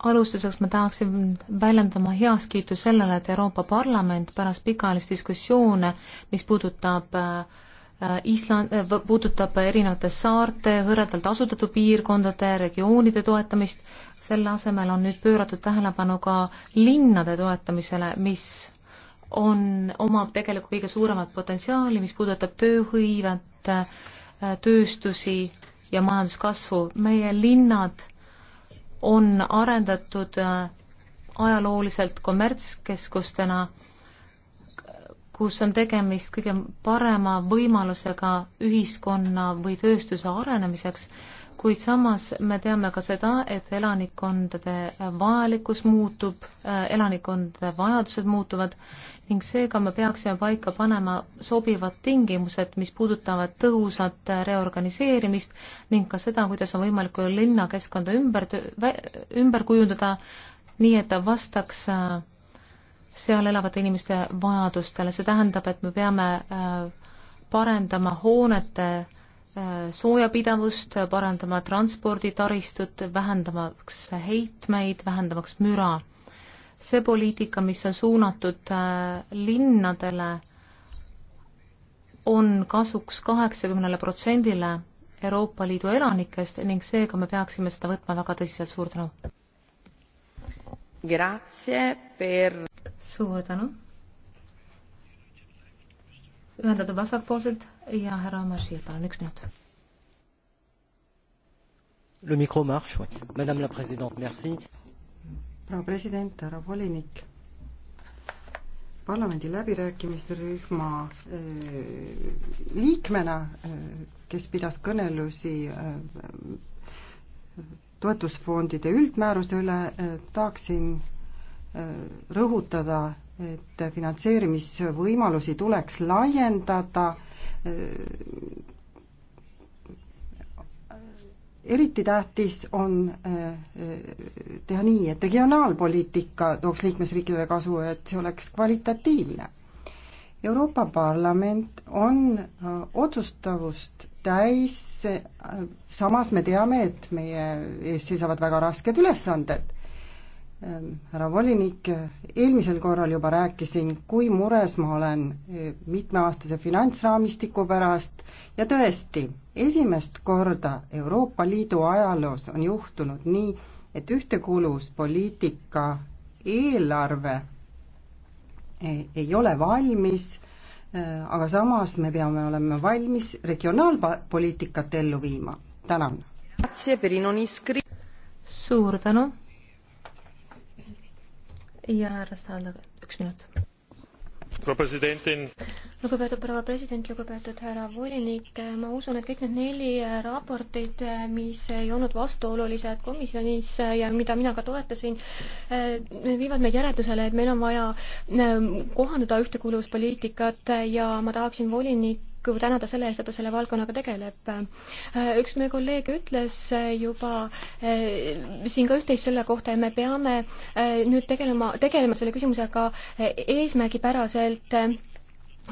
alustuseks ma tahaksin väljendama heaskiitu sellele, et Euroopa Parlament pärast pikaajalisi diskussioone, mis puudutab äh, äh, Island, äh, puudutab erinevate saarte, hõredalt asutatud piirkondade, regioonide toetamist, selle asemel on nüüd pööratud tähelepanu ka linnade toetamisele, mis on, omab tegelikult kõige suuremat potentsiaali, mis puudutab tööhõivet, tööstusi ja majanduskasvu. meie linnad on arendatud äh, ajalooliselt kommertskeskustena, kus on tegemist kõige parema võimalusega ühiskonna või tööstuse arenemiseks, kuid samas me teame ka seda, et elanikkondade vajalikkus muutub, äh, elanikkondade vajadused muutuvad ning seega me peaksime paika panema sobivad tingimused, mis puudutavad tõhusat reorganiseerimist ning ka seda, kuidas on võimalik linnakeskkonda ümber, ümber kujundada, nii et ta vastaks äh, seal elavate inimeste vajadustele, see tähendab, et me peame äh, parendama hoonete äh, soojapidavust, parandama transporditaristut, vähendamaks heitmeid, vähendamaks müra see poliitika, mis on suunatud äh, linnadele, on kasuks kaheksakümnele protsendile Euroopa Liidu elanikest ning seega me peaksime seda võtma väga tõsiselt, suur tänu. Per... suur tänu. ühendatud vasakpoolselt ja härra Mašil, palun üks minut. Le micro marche, oui. Madame la Présidente, merci härra president, härra volinik. parlamendi läbirääkimiste rühma äh, liikmena, äh, kes pidas kõnelusi äh, toetusfondide üldmääruse üle, tahaksin rõhutada, et finantseerimisvõimalusi tuleks laiendada eriti tähtis on äh, äh, teha nii, et regionaalpoliitika tooks liikmesriikidele kasu, et see oleks kvalitatiivne. Euroopa Parlament on äh, otsustavust täis, samas me teame, et meie ees seisavad väga rasked ülesanded Ähm, härra volinik, eelmisel korral juba rääkisin, kui mures ma olen e, mitmeaastase finantsraamistiku pärast ja tõesti, esimest korda Euroopa Liidu ajaloos on juhtunud nii, et ühtekuuluvuspoliitika eelarve e, ei ole valmis, e, aga samas me peame olema valmis regionaalpoliitikat ellu viima. tänan! suur tänu! ja härra Stalner, üks minut. lugupeetud proua president, lugupeetud härra volinik, ma usun, et kõik need neli raportit, mis ei olnud vastuolulised komisjonis ja mida mina ka toetasin, viivad meid järeldusele, et meil on vaja ehm, kohandada ühtekuuluvuspoliitikat ja ma tahaksin volinik tulevikku tänada selle eest, et ta selle valdkonnaga tegeleb. üks meie kolleeg ütles juba eh, siin ka üht-teist selle kohta ja me peame eh, nüüd tegelema, tegelema selle küsimusega eesmärgipäraselt.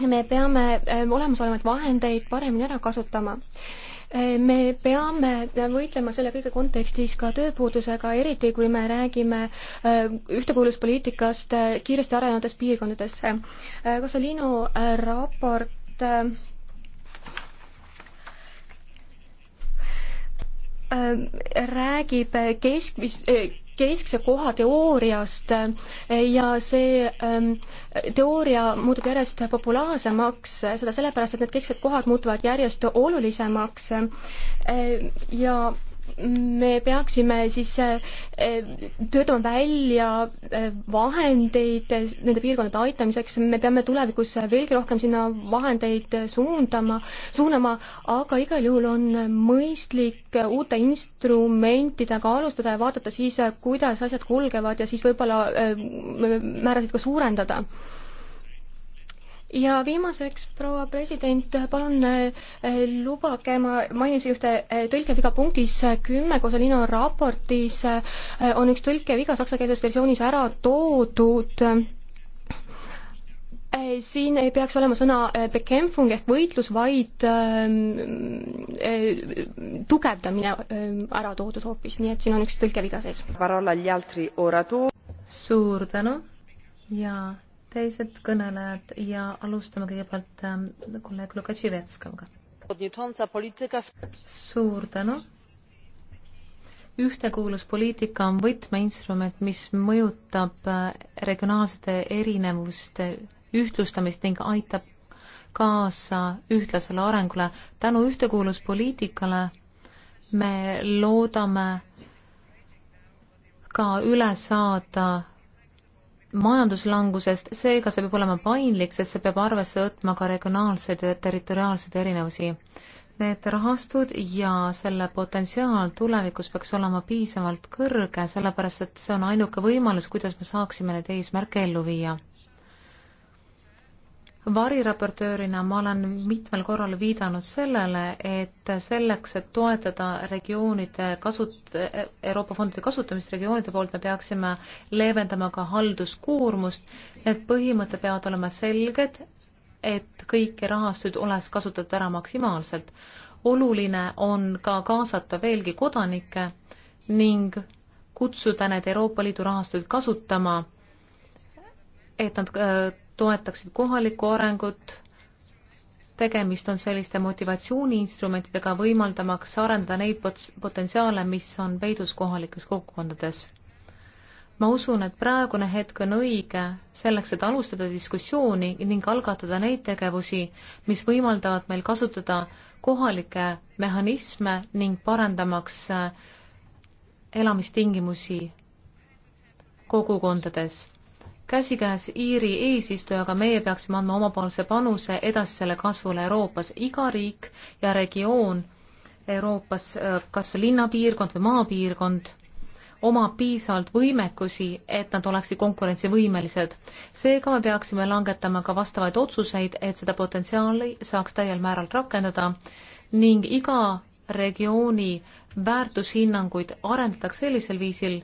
me peame eh, olemasolevaid vahendeid paremini ära kasutama me peame võitlema selle kõige kontekstis ka tööpuudusega, eriti kui me räägime ühtekuuluvuspoliitikast kiiresti arenevates piirkondades. Gasolino raport Äh, räägib keskmis-, äh, keskse koha teooriast äh, ja see ähm, teooria muutub järjest populaarsemaks, seda sellepärast, et need kesksed kohad muutuvad järjest olulisemaks ja me peaksime siis äh, töötama välja äh, vahendeid nende piirkondade aitamiseks, me peame tulevikus veelgi rohkem sinna vahendeid suundama, suunama, aga igal juhul on mõistlik uute instrumentidega alustada ja vaadata siis, kuidas asjad kulgevad ja siis võib-olla äh, määrasid ka suurendada ja viimaseks, proua president, palun eh, lubage, ma mainisin ühte eh, tõlkeviga punktis eh, kümme, Kosolino raportis on üks tõlkeviga saksakeelses versioonis ära toodud. siin ei peaks olema sõna bekämpfung ehk võitlus, vaid ehm, tugevdamine ära toodud hoopis, nii et siin on üks tõlkeviga sees. suur tänu ja teised kõnelejad ja alustame kõigepealt ähm, kolleeg Lukatšivetskaga. suur tänu. ühtekuuluvuspoliitika on võtmeinstrument, mis mõjutab äh, regionaalsete erinevuste ühtlustamist ning aitab kaasa ühtlasele arengule. tänu ühtekuuluvuspoliitikale me loodame ka üle saada majanduslangusest, seega see peab olema paindlik, sest see peab arvesse võtma ka regionaalseid ja territoriaalseid erinevusi. Need rahastud ja selle potentsiaal tulevikus peaks olema piisavalt kõrge, sellepärast et see on ainuke võimalus, kuidas me saaksime neid eesmärke ellu viia variraportöörina ma olen mitmel korral viidanud sellele, et selleks, et toetada regioonide kasut-, Euroopa fondide kasutamist regioonide poolt, me peaksime leevendama ka halduskoormust. Need põhimõtted peavad olema selged, et kõiki rahastuid oleks kasutatud ära maksimaalselt. oluline on ka kaasata veelgi kodanikke ning kutsuda need Euroopa Liidu rahastuid kasutama et nad äh, toetaksid kohalikku arengut, tegemist on selliste motivatsiooniinstrumentidega, võimaldamaks arendada neid pot-, potentsiaale, mis on peidus kohalikes kogukondades. ma usun, et praegune hetk on õige selleks, et alustada diskussiooni ning algatada neid tegevusi, mis võimaldavad meil kasutada kohalikke mehhanisme ning parandamaks äh, elamistingimusi kogukondades käsikäes Iiri eesistujaga meie peaksime andma omapoolse panuse edasisele kasvule Euroopas. iga riik ja regioon Euroopas, kas linnapiirkond või maapiirkond, omab piisavalt võimekusi, et nad oleksid konkurentsivõimelised. seega me peaksime langetama ka vastavaid otsuseid, et seda potentsiaali saaks täiel määral rakendada ning iga regiooni väärtushinnanguid arendataks sellisel viisil,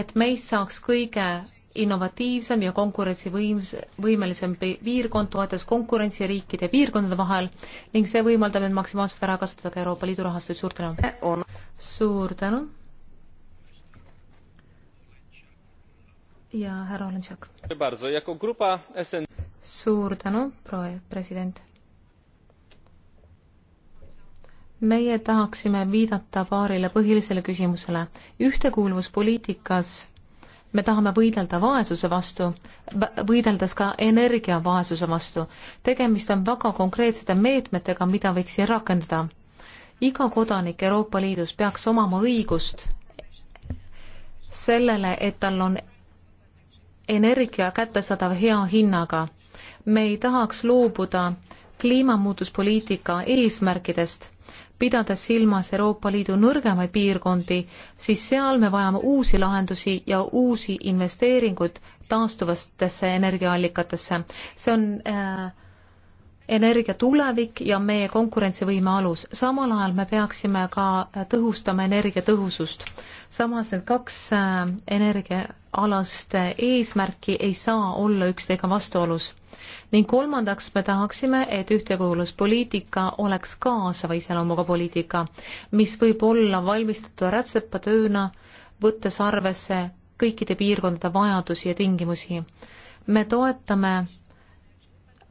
et meist saaks kõige innovatiivsem ja konkurentsivõimelisem piirkond, toetas konkurentsi riikide ja piirkondade vahel ning see võimaldab end maksimaalselt ära kasutada ka Euroopa Liidu rahastuid, suur tänu! suur tänu! ja härra Olenšak. suur tänu, proua president! meie tahaksime viidata paarile põhilisele küsimusele. ühtekuuluvuspoliitikas me tahame võidelda vaesuse vastu, võideldes ka energiavaesuse vastu. tegemist on väga konkreetsete meetmetega, mida võiks siin rakendada. iga kodanik Euroopa Liidus peaks omama õigust sellele, et tal on energia kättesaadav hea hinnaga. me ei tahaks loobuda kliimamuutuspoliitika eesmärkidest pidades silmas Euroopa Liidu nõrgemaid piirkondi, siis seal me vajame uusi lahendusi ja uusi investeeringuid taastuvatesse energiaallikatesse. see on äh, energia tulevik ja meie konkurentsivõime alus. samal ajal me peaksime ka äh, tõhustama energiatõhusust äh, samas need kaks äh, energiaalast äh, eesmärki ei saa olla üksteisega vastuolus. ning kolmandaks me tahaksime, et ühtekuuluvuspoliitika oleks kaasava iseloomuga poliitika, mis võib olla valmistatud rätsepatööna, võttes arvesse kõikide piirkondade vajadusi ja tingimusi. me toetame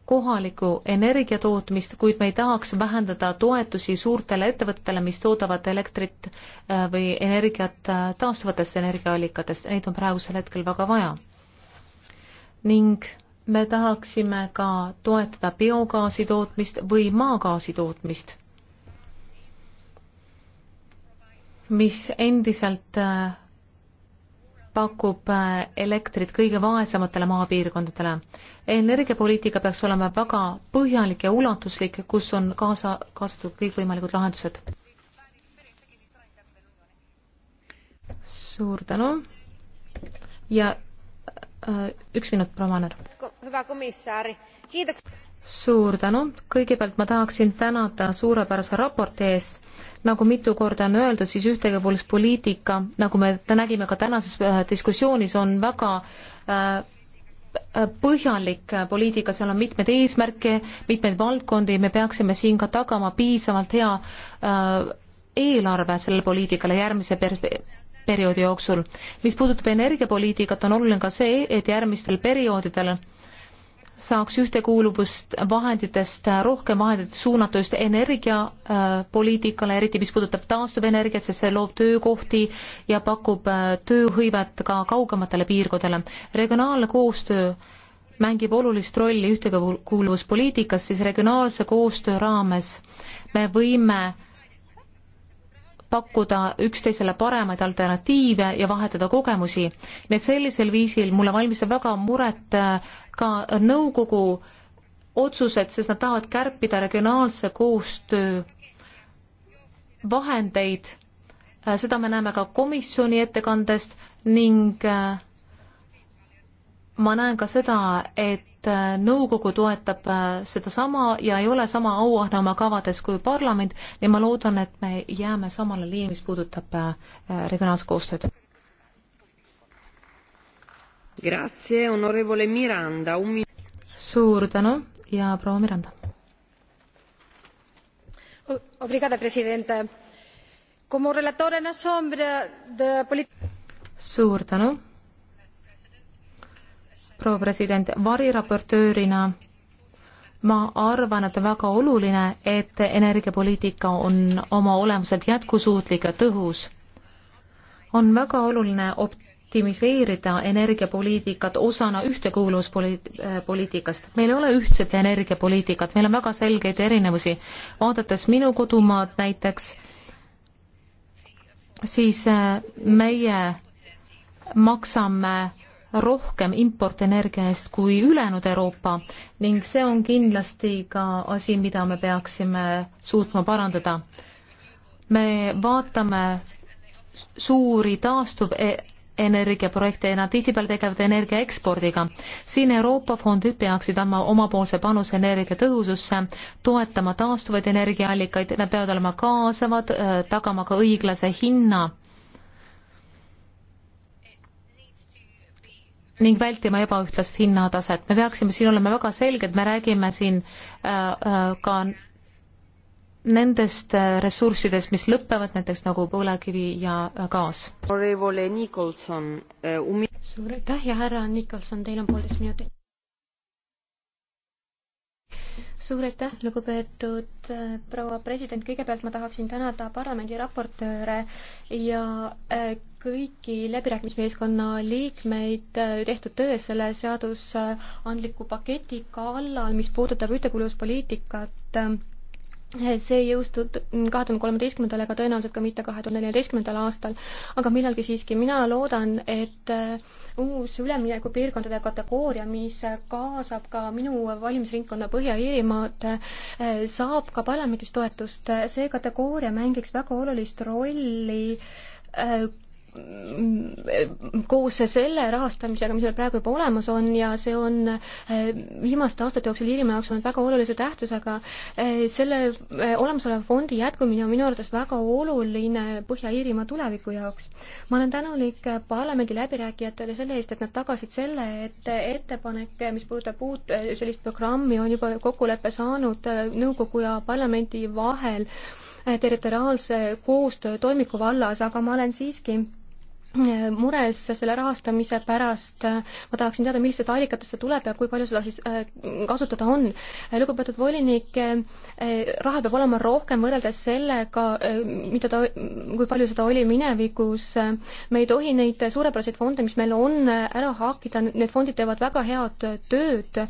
kohalikku energiatootmist, kuid me ei tahaks vähendada toetusi suurtele ettevõtetele, mis toodavad elektrit äh, või energiat äh, taastuvatest energiaallikatest, neid on praegusel hetkel väga vaja. ning me tahaksime ka toetada biogaasi tootmist või maagaasi tootmist, mis endiselt äh, pakub elektrit kõige vaesematele maapiirkondadele energiapoliitika peaks olema väga põhjalik ja ulatuslik, kus on kaasa, kaasatud kõikvõimalikud lahendused. suur tänu ja äh, üks minut, proua Manner. suur tänu, kõigepealt ma tahaksin tänada suurepärase raporti eest nagu mitu korda on öeldud, siis ühtekuuluvuspoliitika, nagu me nägime ka tänases äh, diskussioonis, on väga äh, põhjalik poliitika, seal on mitmeid eesmärke, mitmeid valdkondi, me peaksime siin ka tagama piisavalt hea äh, eelarve sellele poliitikale järgmise per-, perioodi jooksul. mis puudutab energiapoliitikat, on oluline ka see, et järgmistel perioodidel äh, saaks ühtekuuluvust vahenditest, rohkem vahendit suunata just energiapoliitikale, eriti mis puudutab taastuvenergiat, sest see loob töökohti ja pakub äh, tööhõivet ka kaugematele piirkondadele. regionaalne koostöö mängib olulist rolli ühtekuuluvuspoliitikas, siis regionaalse koostöö raames me võime pakkuda üksteisele paremaid alternatiive ja vahetada kogemusi. nii et sellisel viisil mulle valmistab väga muret äh, ka nõukogu otsused, sest nad tahavad kärpida regionaalse koostöö vahendeid. Äh, seda me näeme ka komisjoni ettekandest ning äh, ma näen ka seda, et äh, nõukogu toetab äh, sedasama ja ei ole sama auahne oma kavades kui parlament ja ma loodan, et me jääme samale liini, mis puudutab äh, regionaalset koostööd. Grazie, onorevole Miranda um.... suur tänu ja proua Miranda. Obrigada, president. Como relatora na sombra de polit-. suur tänu proua president, variraportöörina ma arvan, et on väga oluline, et energiapoliitika on oma olemuselt jätkusuutlik ja tõhus. on väga oluline optimiseerida energiapoliitikat osana ühtekuuluvuspoliitikast. meil ei ole ühtset energiapoliitikat, meil on väga selgeid erinevusi. vaadates minu kodumaad näiteks, siis äh, meie maksame rohkem importenergia eest kui ülejäänud Euroopa ning see on kindlasti ka asi, mida me peaksime suutma parandada. me vaatame suuri taastuv energiaprojekte ja nad tihtipeale tegelevad energia ekspordiga. siin Euroopa fondid peaksid andma omapoolse panuse energiatõhususse, toetama taastuvaid energiaallikaid, nad peavad olema kaasavad, äh, tagama ka õiglase hinna ning vältima ebaühtlast hinnataset. me peaksime siin olema väga selged, me räägime siin äh, äh, ka nendest äh, ressurssidest, mis lõpevad, näiteks nagu põlevkivi ja gaas. suur aitäh ja härra Nikolson, teil on poolteist minutit. suur aitäh, lugupeetud proua president, kõigepealt ma tahaksin tänada parlamendi raportööre ja äh, kõiki läbirääkimismeeskonna liikmeid äh, tehtud töös selle seadusandliku paketi kallal, mis puudutab ühtekuuluvuspoliitikat. Äh, see jõustud kahe tuhande kolmeteistkümnendal ega tõenäoliselt ka mitte kahe tuhande neljateistkümnendal aastal, aga millalgi siiski. mina loodan, et äh, uus üleminekupiirkondade kategooria, mis kaasab ka minu valimisringkonna Põhja-Iirimaad, saab ka parlamendis toetust. see kategooria mängiks väga olulist rolli koos selle rahastamisega, mis meil praegu juba olemas on ja see on eh, viimaste aastate jooksul Iirimaa jaoks olnud väga olulise tähtsusega. Eh, selle eh, olemasoleva fondi jätkumine on minu arvates väga oluline Põhja-Iirimaa tuleviku jaoks. ma olen tänulik parlamendi läbirääkijatele selle eest, et nad tagasid selle, et ettepanek, mis puudutab uut sellist programmi, on juba kokkuleppe saanud nõukogu ja parlamendi vahel territoriaalse koostöö toimiku vallas, aga ma olen siiski mures selle rahastamise pärast. ma tahaksin teada, millistest allikatest see tuleb ja kui palju seda siis äh, kasutada on. Äh, lugupeetud volinik, äh, raha peab olema rohkem võrreldes sellega, mida ta, kui palju seda oli minevikus. me ei tohi neid suurepäraseid fonde, mis meil on, ära haakida, need fondid teevad väga head tööd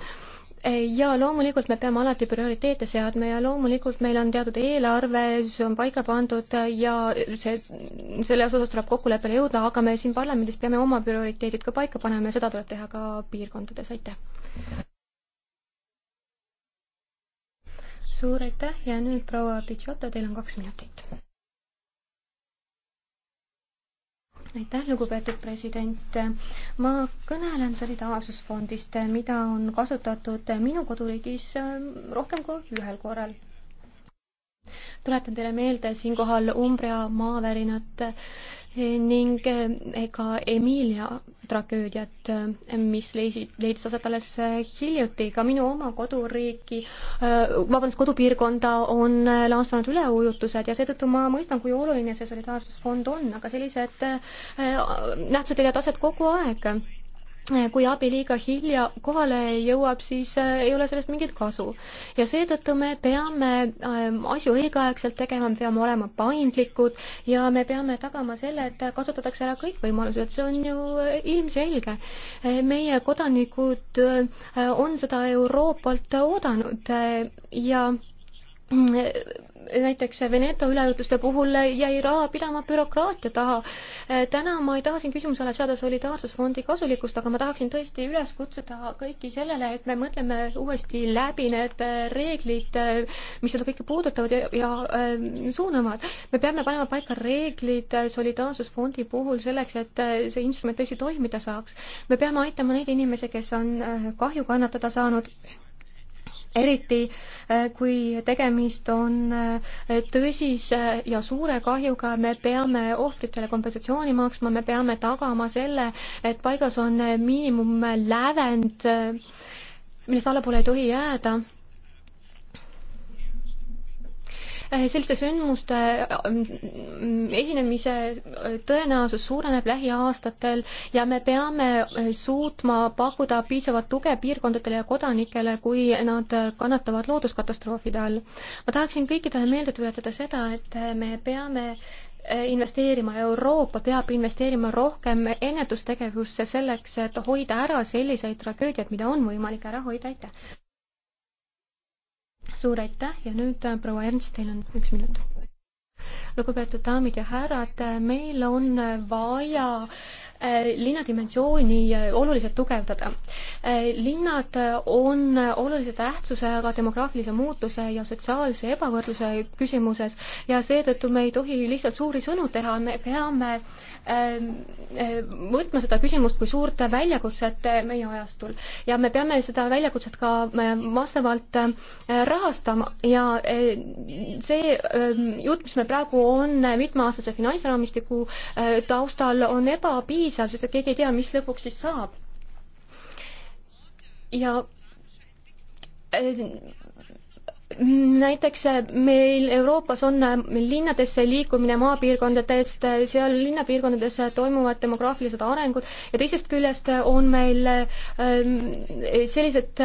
ja loomulikult me peame alati prioriteete seadma ja loomulikult meil on teatud eelarve, see on paika pandud ja see, selles osas tuleb kokkuleppele jõuda, aga me siin parlamendis peame oma prioriteedid ka paika panema ja seda tuleb teha ka piirkondades, aitäh. suur aitäh ja nüüd proua Pichotto, teil on kaks minutit. aitäh, lugupeetud president. ma kõnelen solidaarsusfondist, mida on kasutatud minu koduriigis ähm, rohkem kui ühel korral. tuletan teile meelde siinkohal Umbria maavärinat ning eh, ka Emilia tragöödiat, eh, mis leisid, leidis aset alles eh, hiljuti. ka minu oma koduriiki, vabandust, kodupiirkonda on laastanud üleujutused ja seetõttu ma mõistan, kui oluline see solidaarsusfond on, aga sellised nähtused leiavad aset kogu aeg kui abi liiga hilja kohale jõuab, siis äh, ei ole sellest mingit kasu. ja seetõttu me peame ähm, asju õigeaegselt tegema, me peame olema paindlikud ja me peame tagama selle, et kasutatakse ära kõik võimalused, see on ju äh, ilmselge. Äh, meie kodanikud on seda Euroopalt oodanud ja näiteks Veneto üleujutuste puhul jäi raha pidama bürokraatia taha. täna ma ei taha siin küsimuse alla seada Solidaarsusfondi kasulikkust, aga ma tahaksin tõesti üles kutsuda kõiki sellele, et me mõtleme uuesti läbi need reeglid, mis seda kõike puudutavad ja, ja äh, suunavad. me peame panema paika reeglid Solidaarsusfondi puhul selleks, et see instrument tõesti toimida saaks. me peame aitama neid inimesi, kes on äh, kahju kannatada saanud eriti äh, kui tegemist on äh, tõsise äh, ja suure kahjuga, me peame ohvritele kompensatsiooni maksma, me peame tagama selle, et paigas on miinimumlävend, millest allapoole ei tohi jääda Äh, selliste sündmuste äh, mm, esinemise äh, tõenäosus suureneb lähiaastatel ja me peame suutma pakkuda piisavat tuge piirkondadele ja kodanikele, kui nad kannatavad looduskatastroofide all. ma tahaksin kõikidele meelde tuletada seda, et me peame investeerima, Euroopa peab investeerima rohkem ennetustegevusse selleks, et hoida ära selliseid tragöödiaid, mida on võimalik ära hoida, aitäh! suur aitäh ja nüüd äh, proua Ernst, teil on üks minut. lugupeetud daamid ja härrad, äh, meil on äh, vaja Äh, linna dimensiooni äh, oluliselt tugevdada. Äh, linnad on olulise tähtsusega demograafilise muutuse ja sotsiaalse ebavõrdluse küsimuses ja seetõttu me ei tohi lihtsalt suuri sõnu teha, me peame ähm, võtma seda küsimust kui suurt väljakutset meie ajastul ja me peame seda väljakutset ka vastavalt rahastama ja see ähm, jutt, mis meil praegu on mitmeaastase finantsraamistiku taustal, on ebapiisav, piisav, sest et keegi ei tea, mis lõpuks siis saab. ja äh, näiteks äh, meil Euroopas on äh, linnadesse liikumine maapiirkondadest, seal linnapiirkondades toimuvad demograafilised arengud ja teisest küljest on meil sellised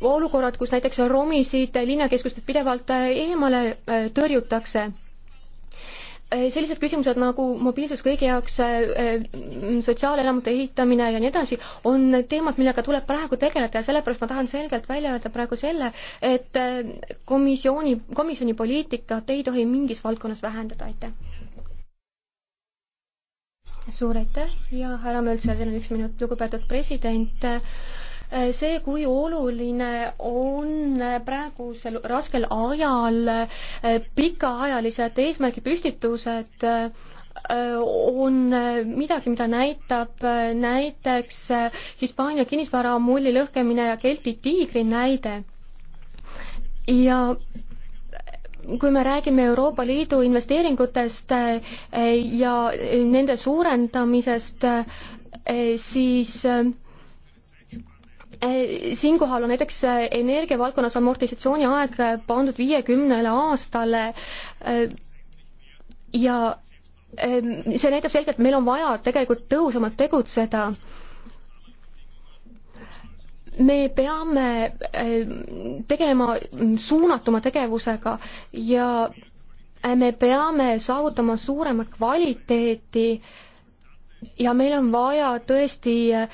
olukorrad, kus näiteks romisid linnakeskustest pidevalt eemale tõrjutakse Äh, sellised küsimused nagu mobiilsus kõigi jaoks, äh, äh, sotsiaalelamute ehitamine ja nii edasi, on teemad, millega tuleb praegu tegeleda ja sellepärast ma tahan selgelt välja öelda praegu selle, et komisjoni, komisjoni poliitikat ei tohi mingis valdkonnas vähendada, aitäh. suur aitäh ja härra Möltser, teil on üks minut, lugupeetud president see, kui oluline on praegusel raskel ajal eh, pikaajalised eesmärgipüstitused eh, on midagi, mida näitab eh, näiteks Hispaania kinnisvaramulli lõhkemine ja Kelti tiigri näide. ja kui me räägime Euroopa Liidu investeeringutest ja nende suurendamisest, siis Äh, siinkohal on näiteks äh, energiavaldkonnas amortisatsiooni aeg äh, pandud viiekümnele aastale ja ähm, see näitab selgelt, meil on vaja tegelikult tõhusamalt tegutseda. me peame tegelema suunatuma tegevusega ja me peame saavutama suuremat kvaliteeti äh, ja meil on vaja tõesti eh,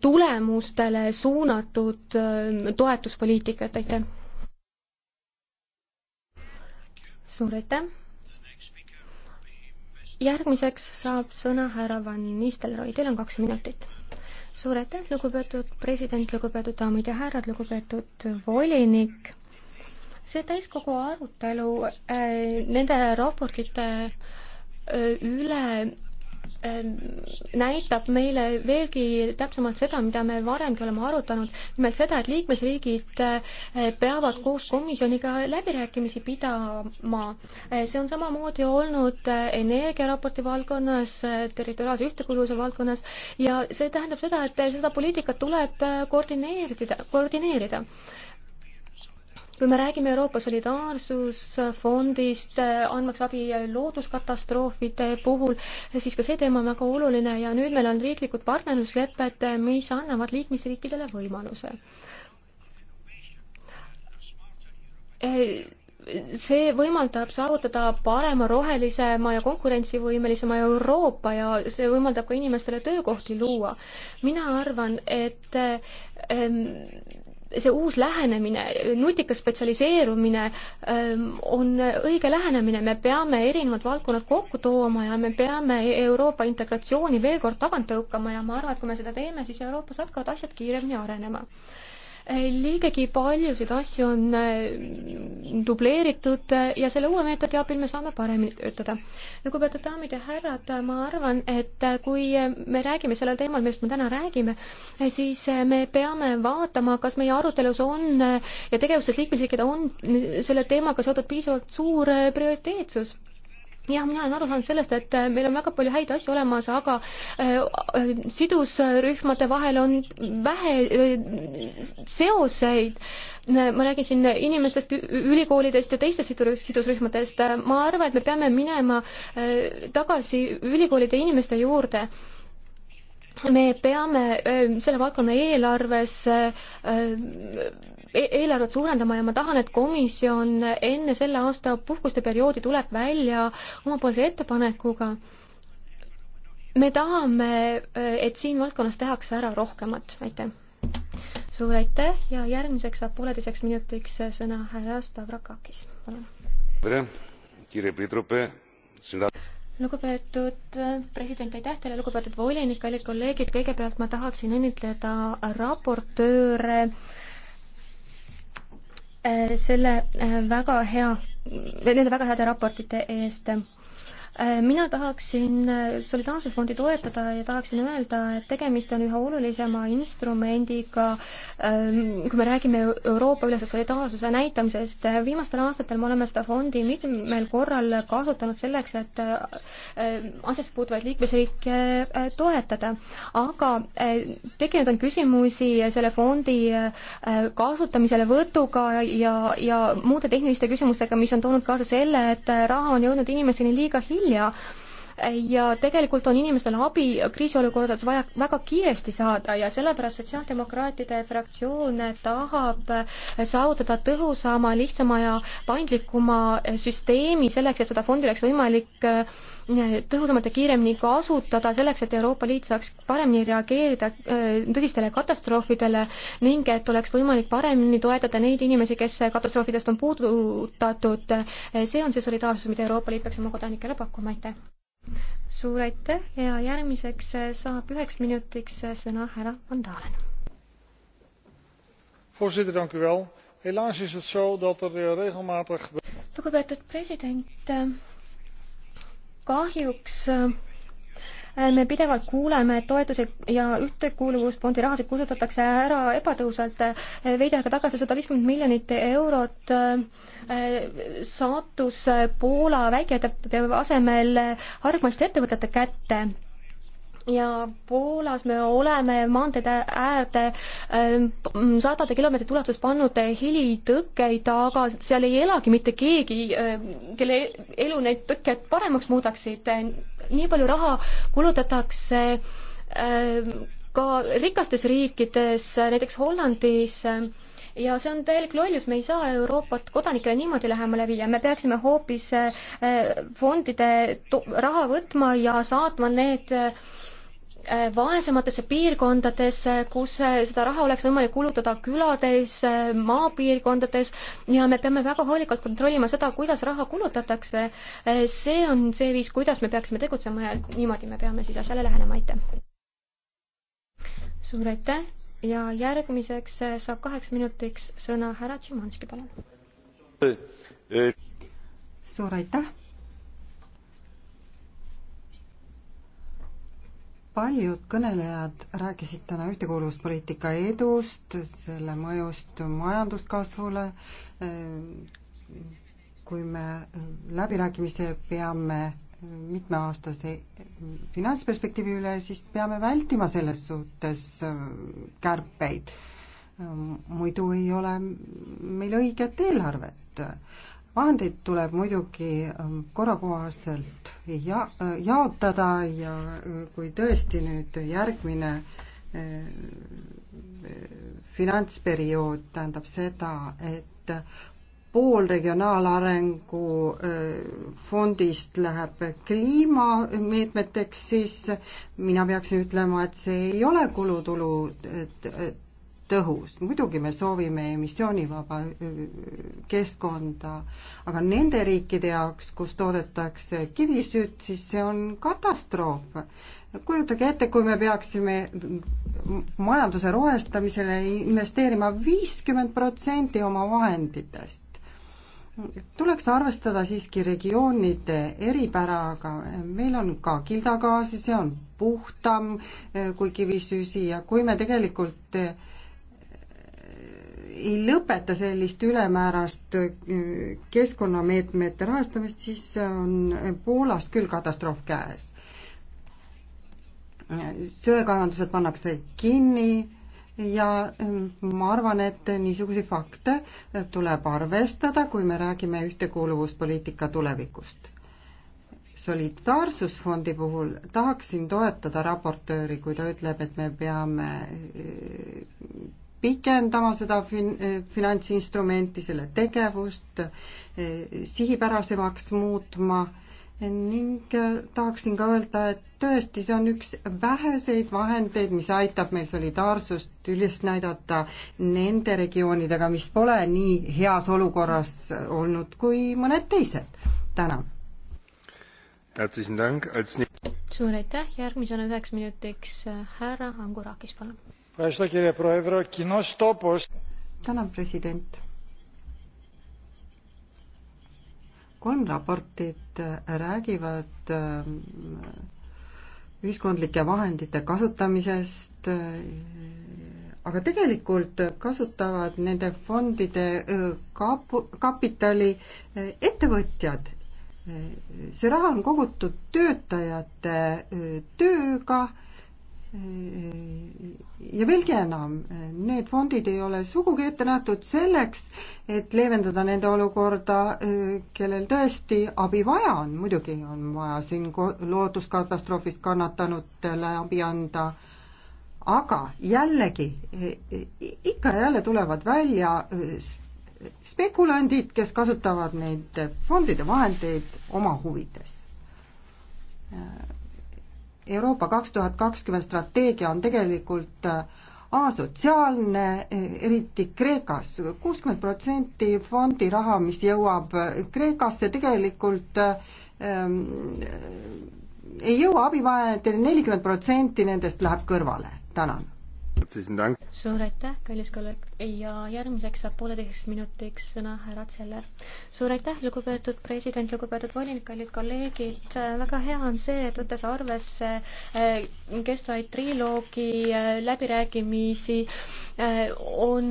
tulemustele suunatud eh, toetuspoliitikat, aitäh. suur aitäh. järgmiseks saab sõna härra Van Nistelrooy, teil on kaks minutit. suur aitäh, lugupeetud president, lugupeetud daamid ja härrad, lugupeetud volinik see täiskogu arutelu äh, nende raportite äh, üle Ähm, näitab meile veelgi täpsemalt seda, mida me varemgi oleme arutanud, nimelt seda, et liikmesriigid äh, peavad koos komisjoniga läbirääkimisi pidama. Äh, see on samamoodi olnud äh, energiaraporti valdkonnas, territoriaalse ühtekuuluvuse valdkonnas ja see tähendab seda, et seda poliitikat tuleb koordineerida, koordineerida kui me räägime Euroopa Solidaarsusfondist, eh, andmaks abi looduskatastroofide puhul, siis ka see teema on väga oluline ja nüüd meil on riiklikud partnerluslepped, eh, mis annavad liikmesriikidele võimaluse eh, see võimaldab saavutada parema, rohelisema ja konkurentsivõimelisema Euroopa ja see võimaldab ka inimestele töökohti luua. mina arvan, et ähm, see uus lähenemine, nutikas spetsialiseerumine ähm, on õige lähenemine, me peame erinevad valdkonnad kokku tooma ja me peame Euroopa integratsiooni veel kord tagant tõukama ja ma arvan, et kui me seda teeme, siis Euroopas hakkavad asjad kiiremini arenema liigegi paljusid asju on äh, dubleeritud ja selle uue meetodi abil me saame paremini töötada. lugupeetud daamid ja härrad, ma arvan, et äh, kui äh, me räägime sellel teemal, millest me täna räägime, siis me peame vaatama, kas meie arutelus on ja tegevustes liikmesriikidel on selle teemaga seotud piisavalt suur prioriteetsus jah, mina olen aru saanud sellest, et äh, meil on väga palju häid asju olemas, aga äh, äh sidusrühmade vahel on vähe äh, seoseid. Äh, ma räägin siin inimestest, ülikoolidest ja teistest sidusrühmadest. ma arvan, et me peame minema äh, tagasi ülikoolide inimeste juurde äh, me peame ähm, selle valdkonna eelarves ähm, e-, eelarvet suurendama ja ma tahan, et komisjon enne selle aasta puhkuste perioodi tuleb välja omapoolse ettepanekuga. me tahame, äh, et siin valdkonnas tehakse ära rohkemat, aitäh. suur aitäh ja järgmiseks saab pooleteiseks minutiks sõna härra Stavrakakis, palun. tere, Kire Pidrupe, sina lugupeetud äh, president, aitäh teile, lugupeetud volinik, kallid kolleegid, kõigepealt ma tahaksin õnnitleda raportööre äh, selle äh, väga hea, nende väga heade raportite eest Äh, mina tahaksin äh, Solidaarsusfondi toetada ja tahaksin öelda, et tegemist on üha olulisema instrumendiga, ähm, kui me räägime Euroopa-ülese solidaarsuse näitamisest. viimastel aastatel me oleme seda fondi mitmel korral kasutanud selleks, et äh, asjasse puutuvaid liikmesriike toetada. aga tekkinud on küsimusi selle fondi kasutamiselevõtuga ja, ja muude tehniliste küsimustega, mis on toonud kaasa selle, et raha on jõudnud inimesteni liiga hilja välja ja tegelikult on inimestel abi kriisiolukordades vaja väga kiiresti saada ja sellepärast Sotsiaaldemokraatide fraktsioon tahab saavutada tõhusama, lihtsama ja paindlikuma süsteemi selleks, et seda fondi oleks võimalik tõhusamalt ja kiiremini kasutada selleks, et Euroopa Liit saaks paremini reageerida äh, tõsistele katastroofidele ning et oleks võimalik paremini toetada neid inimesi, kes katastroofidest on puudutatud. Äh, see on see solidaarsus, mida Euroopa Liit peaks oma kodanikele pakkuma, aitäh! suur aitäh ja järgmiseks äh, saab üheks minutiks sõna härra Van Dalen. voorzitter, dank u wel. helaas is het zo dat er eh, regelmatig lugupeetud president, kahjuks äh, me pidevalt kuuleme, et toetuse ja ühtekuuluvusfondi rahasid kulutatakse ära ebatõhusalt. Äh, veidi aega tagasi sada viiskümmend miljonit eurot äh, sattus Poola väikeettevõtete asemel hargmaiste ettevõtete kätte ja Poolas me oleme maanteede äärde ähm, sadade kilomeetrite ulatuses pannud helitõkkeid, aga seal ei elagi mitte keegi, ähm, kelle e-, elu need tõkked paremaks muudaksid. nii palju raha kulutatakse ähm, ka rikastes riikides, näiteks Hollandis ja see on täielik lollus, me ei saa Euroopat kodanikele niimoodi lähemale viia, me peaksime hoopis äh, fondide raha võtma ja saatma need äh, Äh, vaesematesse piirkondadesse, kus äh, seda raha oleks võimalik kulutada külades, äh, maapiirkondades ja me peame väga hoolikalt kontrollima seda, kuidas raha kulutatakse. see on see viis, kuidas me peaksime tegutsema ja niimoodi me peame siis asjale lähenema, aitäh. suur aitäh ja järgmiseks saab kaheks minutiks sõna härra Tšimanski, palun. suur aitäh paljud kõnelejad rääkisid täna ühtekuuluvuspoliitika edust, selle mõjust majanduskasvule, kui me läbirääkimisi peame mitmeaastase finantsperspektiivi üle, siis peame vältima selles suhtes kärpeid. muidu ei ole meil õiget eelarvet vahendeid tuleb muidugi ähm, korrakohaselt ja, jaotada ja äh, kui tõesti nüüd järgmine äh, finantsperiood tähendab seda, et pool regionaalarengu äh, fondist läheb kliimameetmeteks, siis mina peaksin ütlema, et see ei ole kulutulu tõhus. muidugi me soovime emissioonivaba äh, keskkonda, aga nende riikide jaoks, kus toodetakse kivisütt, siis see on katastroof. kujutage ette, kui me peaksime majanduse rohestamisele investeerima viiskümmend protsenti oma vahenditest. tuleks arvestada siiski regioonide eripäraga, meil on ka kildagaasi, see on puhtam äh, kui kivisüsi ja kui me tegelikult äh, ei lõpeta sellist ülemäärast äh, keskkonnameetmete rahastamist, siis on Poolast küll katastroof käes. söekaevandused pannakse kinni ja äh, ma arvan, et niisuguseid fakte tuleb arvestada, kui me räägime ühtekuuluvuspoliitika tulevikust. solidaarsusfondi puhul tahaksin toetada raportööri, kui ta ütleb, et me peame äh, pikendama seda fin-, finantsinstrumenti, selle tegevust sihipärasemaks muutma ning äh, tahaksin ka öelda, et tõesti, see on üks väheseid vahendeid, mis aitab meil solidaarsust üles näidata nende regioonidega, mis pole nii heas olukorras olnud kui mõned teised. tänan. suur aitäh, järgmisena üheks minutiks äh, härra Angurakis, palun tänan, president. kolm raportit räägivad äh, ühiskondlike vahendite kasutamisest, äh, aga tegelikult kasutavad nende fondide äh, kapu-, kapitali ettevõtjad. see raha on kogutud töötajate tööga ja veelgi enam, need fondid ei ole sugugi ette nähtud selleks, et leevendada nende olukorda, kellel tõesti abi vaja on, muidugi on vaja siin looduskatastroofist kannatanutele abi anda, aga jällegi, ikka ja jälle tulevad välja spekulandid, kes kasutavad neid fondide vahendeid oma huvides Euroopa kaks tuhat kakskümmend strateegia on tegelikult äh, asotsiaalne, äh, eriti Kreekas. kuuskümmend protsenti fondi raha, mis jõuab äh, Kreekasse, tegelikult ähm, ei jõua abivajajateni, nelikümmend protsenti nendest läheb kõrvale. tänan suur aitäh, kallis kolleeg ja järgmiseks saab pooleteiseks minutiks sõna härra Zeller. suur aitäh, lugupeetud president, lugupeetud volinik, kallid kolleegid, väga hea on see, et võttes arvesse äh, kestvaid triloogi äh, läbirääkimisi, äh, on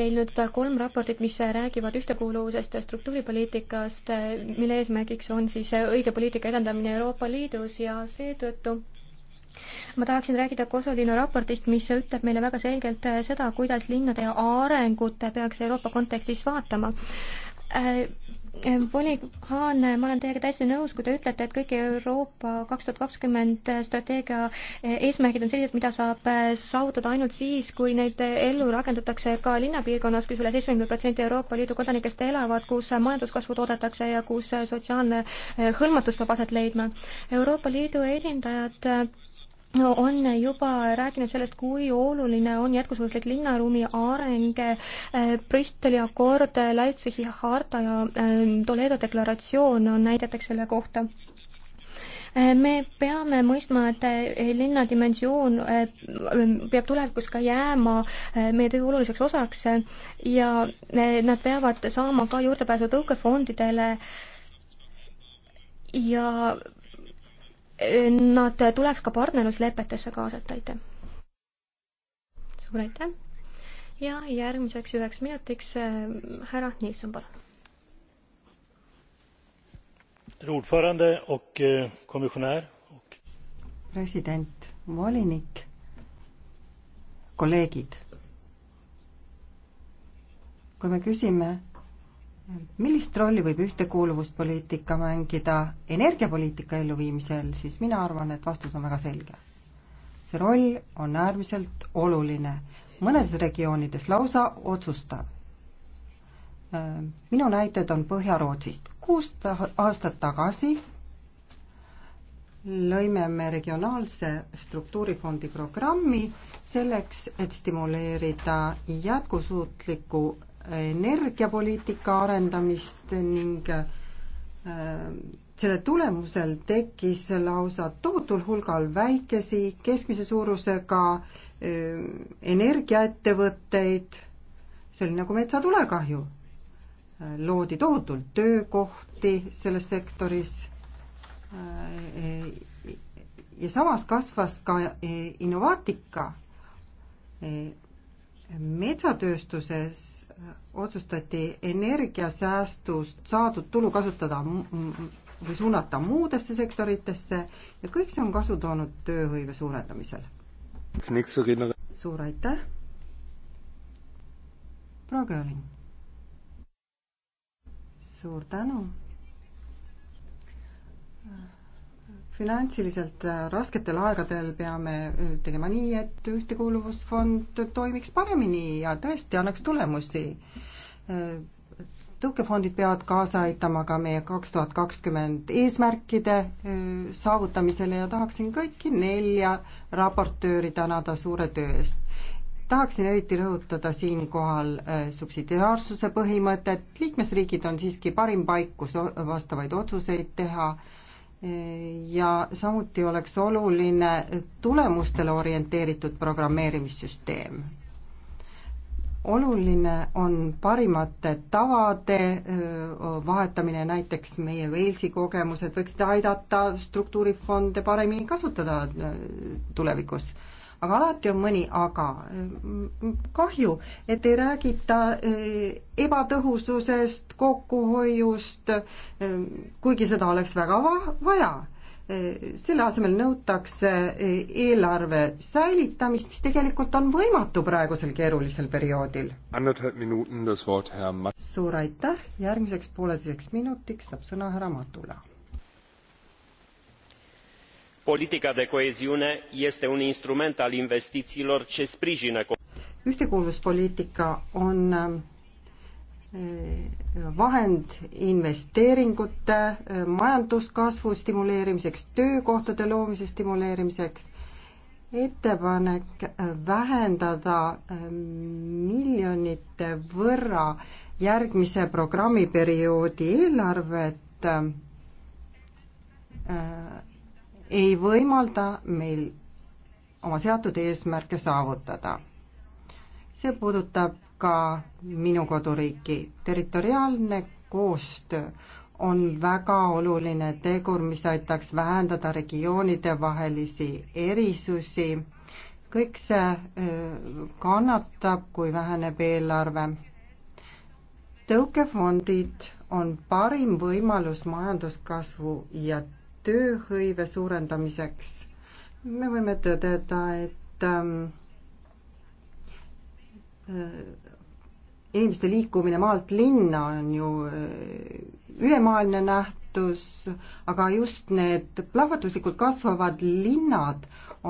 meil nüüd kolm raportit, mis räägivad ühtekuuluvusest ja struktuuripoliitikast, mille eesmärgiks on siis õige poliitika edendamine Euroopa Liidus ja seetõttu ma tahaksin rääkida Kosolinna raportist, mis ütleb meile väga selgelt äh, seda, kuidas linnade arengut peaks Euroopa kontekstis vaatama. Äh, äh, Volik Haan, ma olen teiega täiesti nõus, kui te ütlete, et kõik Euroopa kaks tuhat kakskümmend strateegia eesmärgid on sellised, mida saab saavutada ainult siis, kui neid ellu rakendatakse ka linnapiirkonnas, kus üle seitsmekümne protsendi Euroopa Liidu kodanikest elavad, kus majanduskasvu toodetakse ja kus sotsiaalne hõlmatus peab aset leidma. Euroopa Liidu esindajad on juba rääkinud sellest, kui oluline on jätkusuutlik linnaruumi areng. Äh, Bristoli akord, äh, Leipzigi harta ja äh, Toledo deklaratsioon on näideteks selle kohta me peame mõistma, et linna dimensioon peab tulevikus ka jääma meie töö oluliseks osaks ja nad peavad saama ka juurdepääsu tõukefondidele ja nad tuleks ka partnerluslepetesse kaasata, aitäh. suur aitäh ja järgmiseks üheks minutiks äh, härra Nilsson, palun. ordförande och eh, kommissionär och president, volinik, kolleegid. kui me küsime millist rolli võib ühtekuuluvuspoliitika mängida energiapoliitika elluviimisel, siis mina arvan, et vastus on väga selge. see roll on äärmiselt oluline, mõnes regioonides lausa otsustav. minu näited on Põhja-Rootsist. kuus aastat tagasi lõime me regionaalse struktuurifondi programmi selleks, et stimuleerida jätkusuutlikku energiapoliitika arendamist ning äh, selle tulemusel tekkis lausa tohutul hulgal väikesi, keskmise suurusega äh, energiaettevõtteid, see oli nagu metsatulekahju. Äh, loodi tohutult töökohti selles sektoris ja samas kasvas ka innovaatika. metsatööstuses otsustati energiasäästust saadud tulu kasutada või suunata muudesse sektoritesse ja kõik see on kasu toonud tööhõive suurendamisel. suur aitäh! proua Kööling. suur tänu! finantsiliselt äh, rasketel aegadel peame äh, tegema nii, et ühtekuuluvusfond toimiks paremini ja tõesti annaks tulemusi. Äh, tõukefondid peavad kaasa aitama ka meie kaks tuhat kakskümmend eesmärkide saavutamisele ja tahaksin kõiki nelja raportööri tänada suure töö eest. tahaksin eriti rõhutada siinkohal subsidiaarsuse põhimõtet, liikmesriigid on siiski parim paik, kus vastavaid otsuseid teha ja samuti oleks oluline tulemustele orienteeritud programmeerimissüsteem. oluline on parimate tavade vahetamine, näiteks meie Walesi kogemused võiksid aidata struktuurifonde paremini kasutada tulevikus aga alati on mõni aga. kahju, et ei räägita e, ebatõhususest, kokkuhoiust, e, kuigi seda oleks väga vaja e, selle asemel nõutakse eelarve säilitamist, mis tegelikult on võimatu praegusel keerulisel perioodil. suur aitäh, järgmiseks pooleteiseks minutiks saab sõna härra Matula politica de coeziune este un instrument al investițiilor ce sprijină ühtekuuluvuspoliitika on eh, vahend investeeringute, eh, majanduskasvu stimuleerimiseks, töökohtade loomise stimuleerimiseks, ettepanek eh, vähendada miljonite võrra järgmise programmiperioodi eelarvet ei võimalda meil oma seatud eesmärke saavutada. see puudutab ka minu koduriiki. territoriaalne koostöö on väga oluline tegur, mis aitaks vähendada regioonide vahelisi erisusi. kõik see kannatab, kui väheneb eelarve. tõukefondid on parim võimalus majanduskasvu ja tööhõive suurendamiseks. me võime tõdeda, et ähm, äh, inimeste liikumine maalt linna on ju äh, ülemaailmne nähtus, aga just need plahvatuslikult kasvavad linnad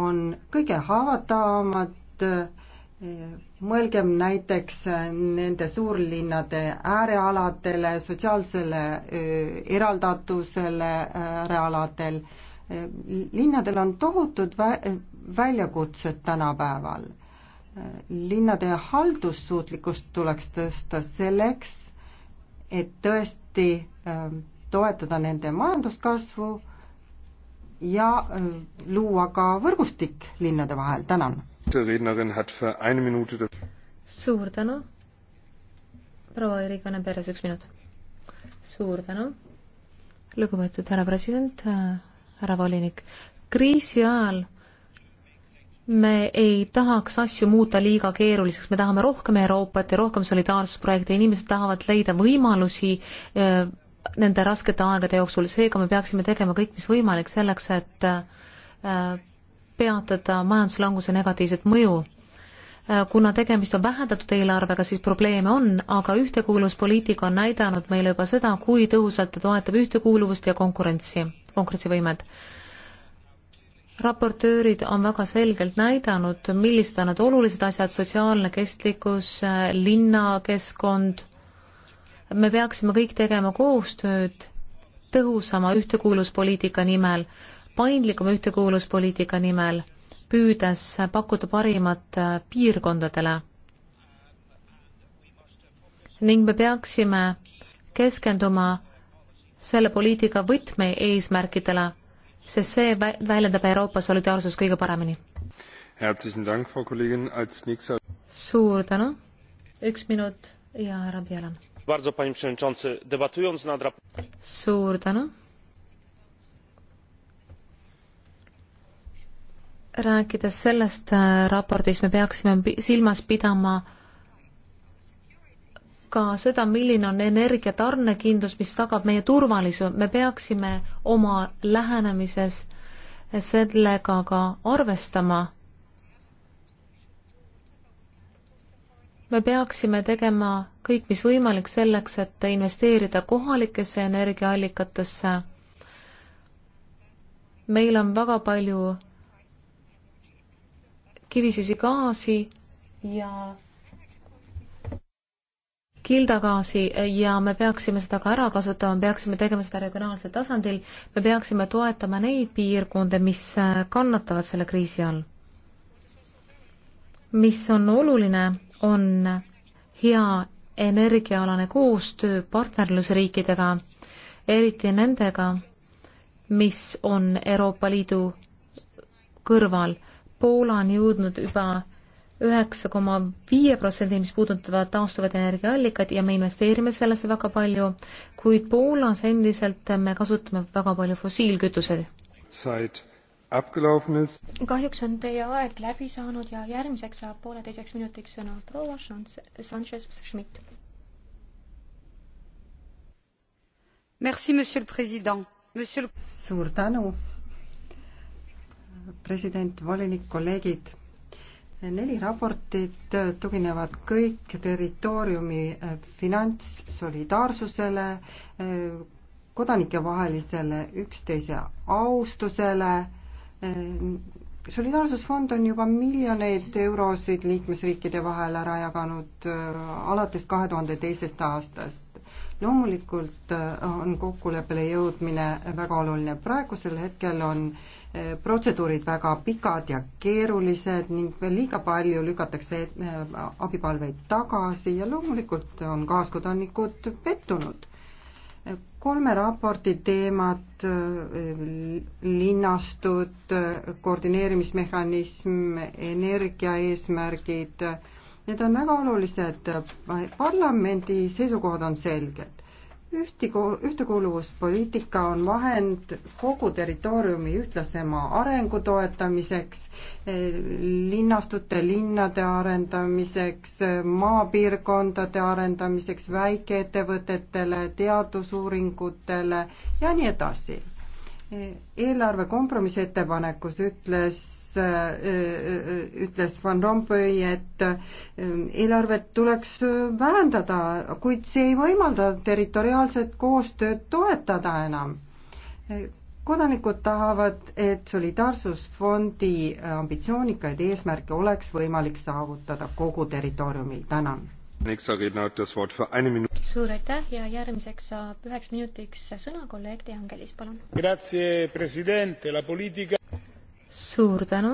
on kõige haavatavamad äh, mõelgem näiteks äh, nende suurlinnade äärealadele, sotsiaalsele äh, eraldatusele äh, äärealadel. linnadel on tohutud vä-, väljakutsed tänapäeval. linnade haldussuutlikkust tuleks tõsta selleks, et tõesti toetada nende majanduskasvu ja luua ka võrgustik linnade vahel, tänan suur tänu. proua Erikane Peres, üks minut. suur tänu. lugupeetud härra president, härra volinik. kriisi ajal me ei tahaks asju muuta liiga keeruliseks, me tahame rohkem Euroopat ja rohkem solidaarsusprojekte, inimesed tahavad leida võimalusi eh, nende raskete aegade jooksul, seega me peaksime tegema kõik, mis võimalik selleks, et eh, peatada majanduslanguse negatiivset mõju. Äh, kuna tegemist on vähendatud eelarvega, siis probleeme on, aga ühtekuuluvuspoliitika on näidanud meile juba seda, kui tõhusalt ta toetab ühtekuuluvust ja konkurentsi, konkurentsivõimet raportöörid on väga selgelt näidanud, millised on need olulised asjad, sotsiaalne kestlikkus, äh, linnakeskkond. me peaksime kõik tegema koostööd tõhusama ühtekuuluvuspoliitika nimel, paindlikuma ühtekuuluvuspoliitika nimel, püüdes pakkuda parimat äh, piirkondadele. ning me peaksime keskenduma selle poliitika võtmeeesmärkidele, sest see väljendab Euroopa solidaarsust kõige paremini. suur tänu, üks minut ja härra Pielan. suur tänu rääkides sellest äh, raportist, me peaksime silmas pidama ka seda, milline on energia tarnekindlus, mis tagab meie turvalisuse, me peaksime oma lähenemises sellega ka arvestama. me peaksime tegema kõik, mis võimalik selleks, et investeerida kohalikesse energiaallikatesse. meil on väga palju kivisüsigaasi ja kildagaasi ja me peaksime seda ka ära kasutama, peaksime tegema seda regionaalsel tasandil, me peaksime toetama neid piirkondi, mis äh, kannatavad selle kriisi all. mis on oluline, on hea energiaalane koostöö partnerlusriikidega, eriti nendega, mis on Euroopa Liidu kõrval Poola on jõudnud juba üheksa koma viie protsendini, mis puudutavad taastuvad energiaallikad ja me investeerime sellesse väga palju, kuid Poolas endiselt me kasutame väga palju fossiilkütuseid. kahjuks on teie aeg läbi saanud ja järgmiseks saab pooleteiseks minutiks sõna proua Sanchez-Schmidt. suur tänu president, volinik, kolleegid. neli raportit tuginevad kõik territooriumi eh, finantssolidaarsusele, eh, kodanikevahelisele üksteise austusele, eh, solidaarsusfond on juba miljoneid eurosid liikmesriikide vahel ära jaganud alates kahe tuhande teisest aastast. loomulikult on kokkuleppele jõudmine väga oluline, praegusel hetkel on äh, protseduurid väga pikad ja keerulised ning veel liiga palju lükatakse äh, abipalveid tagasi ja loomulikult on kaaskodanikud pettunud. kolme raporti teemat, äh, linnastud, äh, koordineerimismehhanism, energiaeesmärgid, need on väga olulised, parlamendi seisukohad on selged ühtikool, ühtekuuluvuspoliitika on vahend kogu territooriumi ühtlasema arengu toetamiseks, linnastute linnade arendamiseks, maapiirkondade arendamiseks, väikeettevõtetele, teadusuuringutele ja nii edasi eelarve kompromissettepanekus ütles, äh, äh, ütles Van Rompuy, et äh, eelarvet tuleks vähendada, kuid see ei võimalda territoriaalset koostööd toetada enam. kodanikud tahavad, et Solidaarsusfondi ambitsioonikaid eesmärke oleks võimalik saavutada kogu territooriumil, tänan suur aitäh ja järgmiseks saab üheks minutiks sõna kolleeg De Angelis, palun. suur tänu.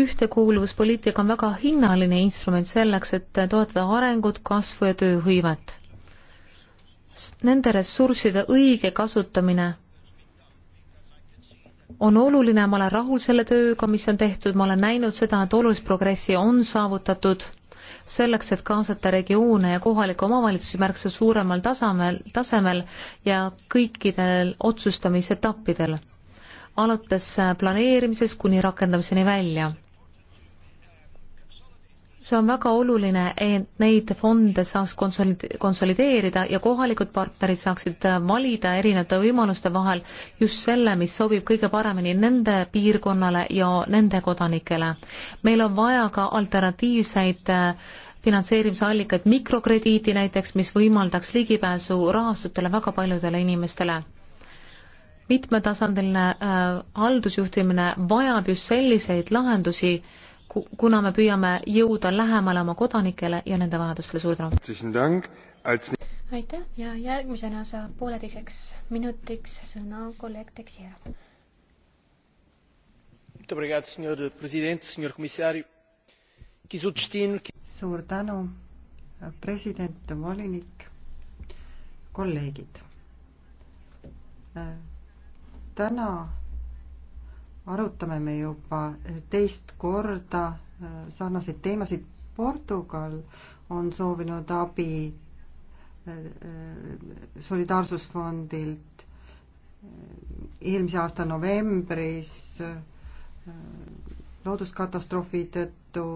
ühtekuuluvuspoliitika on väga hinnaline instrument selleks, et toetada arengut, kasvu ja tööhõivet. Nende ressursside õige kasutamine on oluline, ma olen rahul selle tööga, mis on tehtud, ma olen näinud seda, et olulist progressi on saavutatud selleks, et kaasata regioone ja kohalikke omavalitsusi märksa suuremal tasemel, tasemel ja kõikidel otsustamisetappidel, alates planeerimisest kuni rakendamiseni välja see on väga oluline, et neid fonde saaks konsolid-, konsolideerida ja kohalikud partnerid saaksid äh, valida erinevate võimaluste vahel just selle, mis sobib kõige paremini nende piirkonnale ja nende kodanikele. meil on vaja ka alternatiivseid äh, finantseerimisallikaid, mikrokrediiti näiteks, mis võimaldaks ligipääsu rahastutele väga paljudele inimestele mitmetasandiline äh, haldusjuhtimine vajab just selliseid lahendusi äh,, kuna me püüame jõuda lähemale oma kodanikele ja nende vajadustele. suur tänu! aitäh ja järgmisena saab pooleteiseks minutiks sõna kolleeg Texiera. suur tänu, president, volinik, kolleegid. täna arutame me juba teist korda äh, sarnaseid teemasid. Portugal on soovinud abi äh, äh, solidaarsusfondilt eelmise aasta novembris looduskatastroofi tõttu,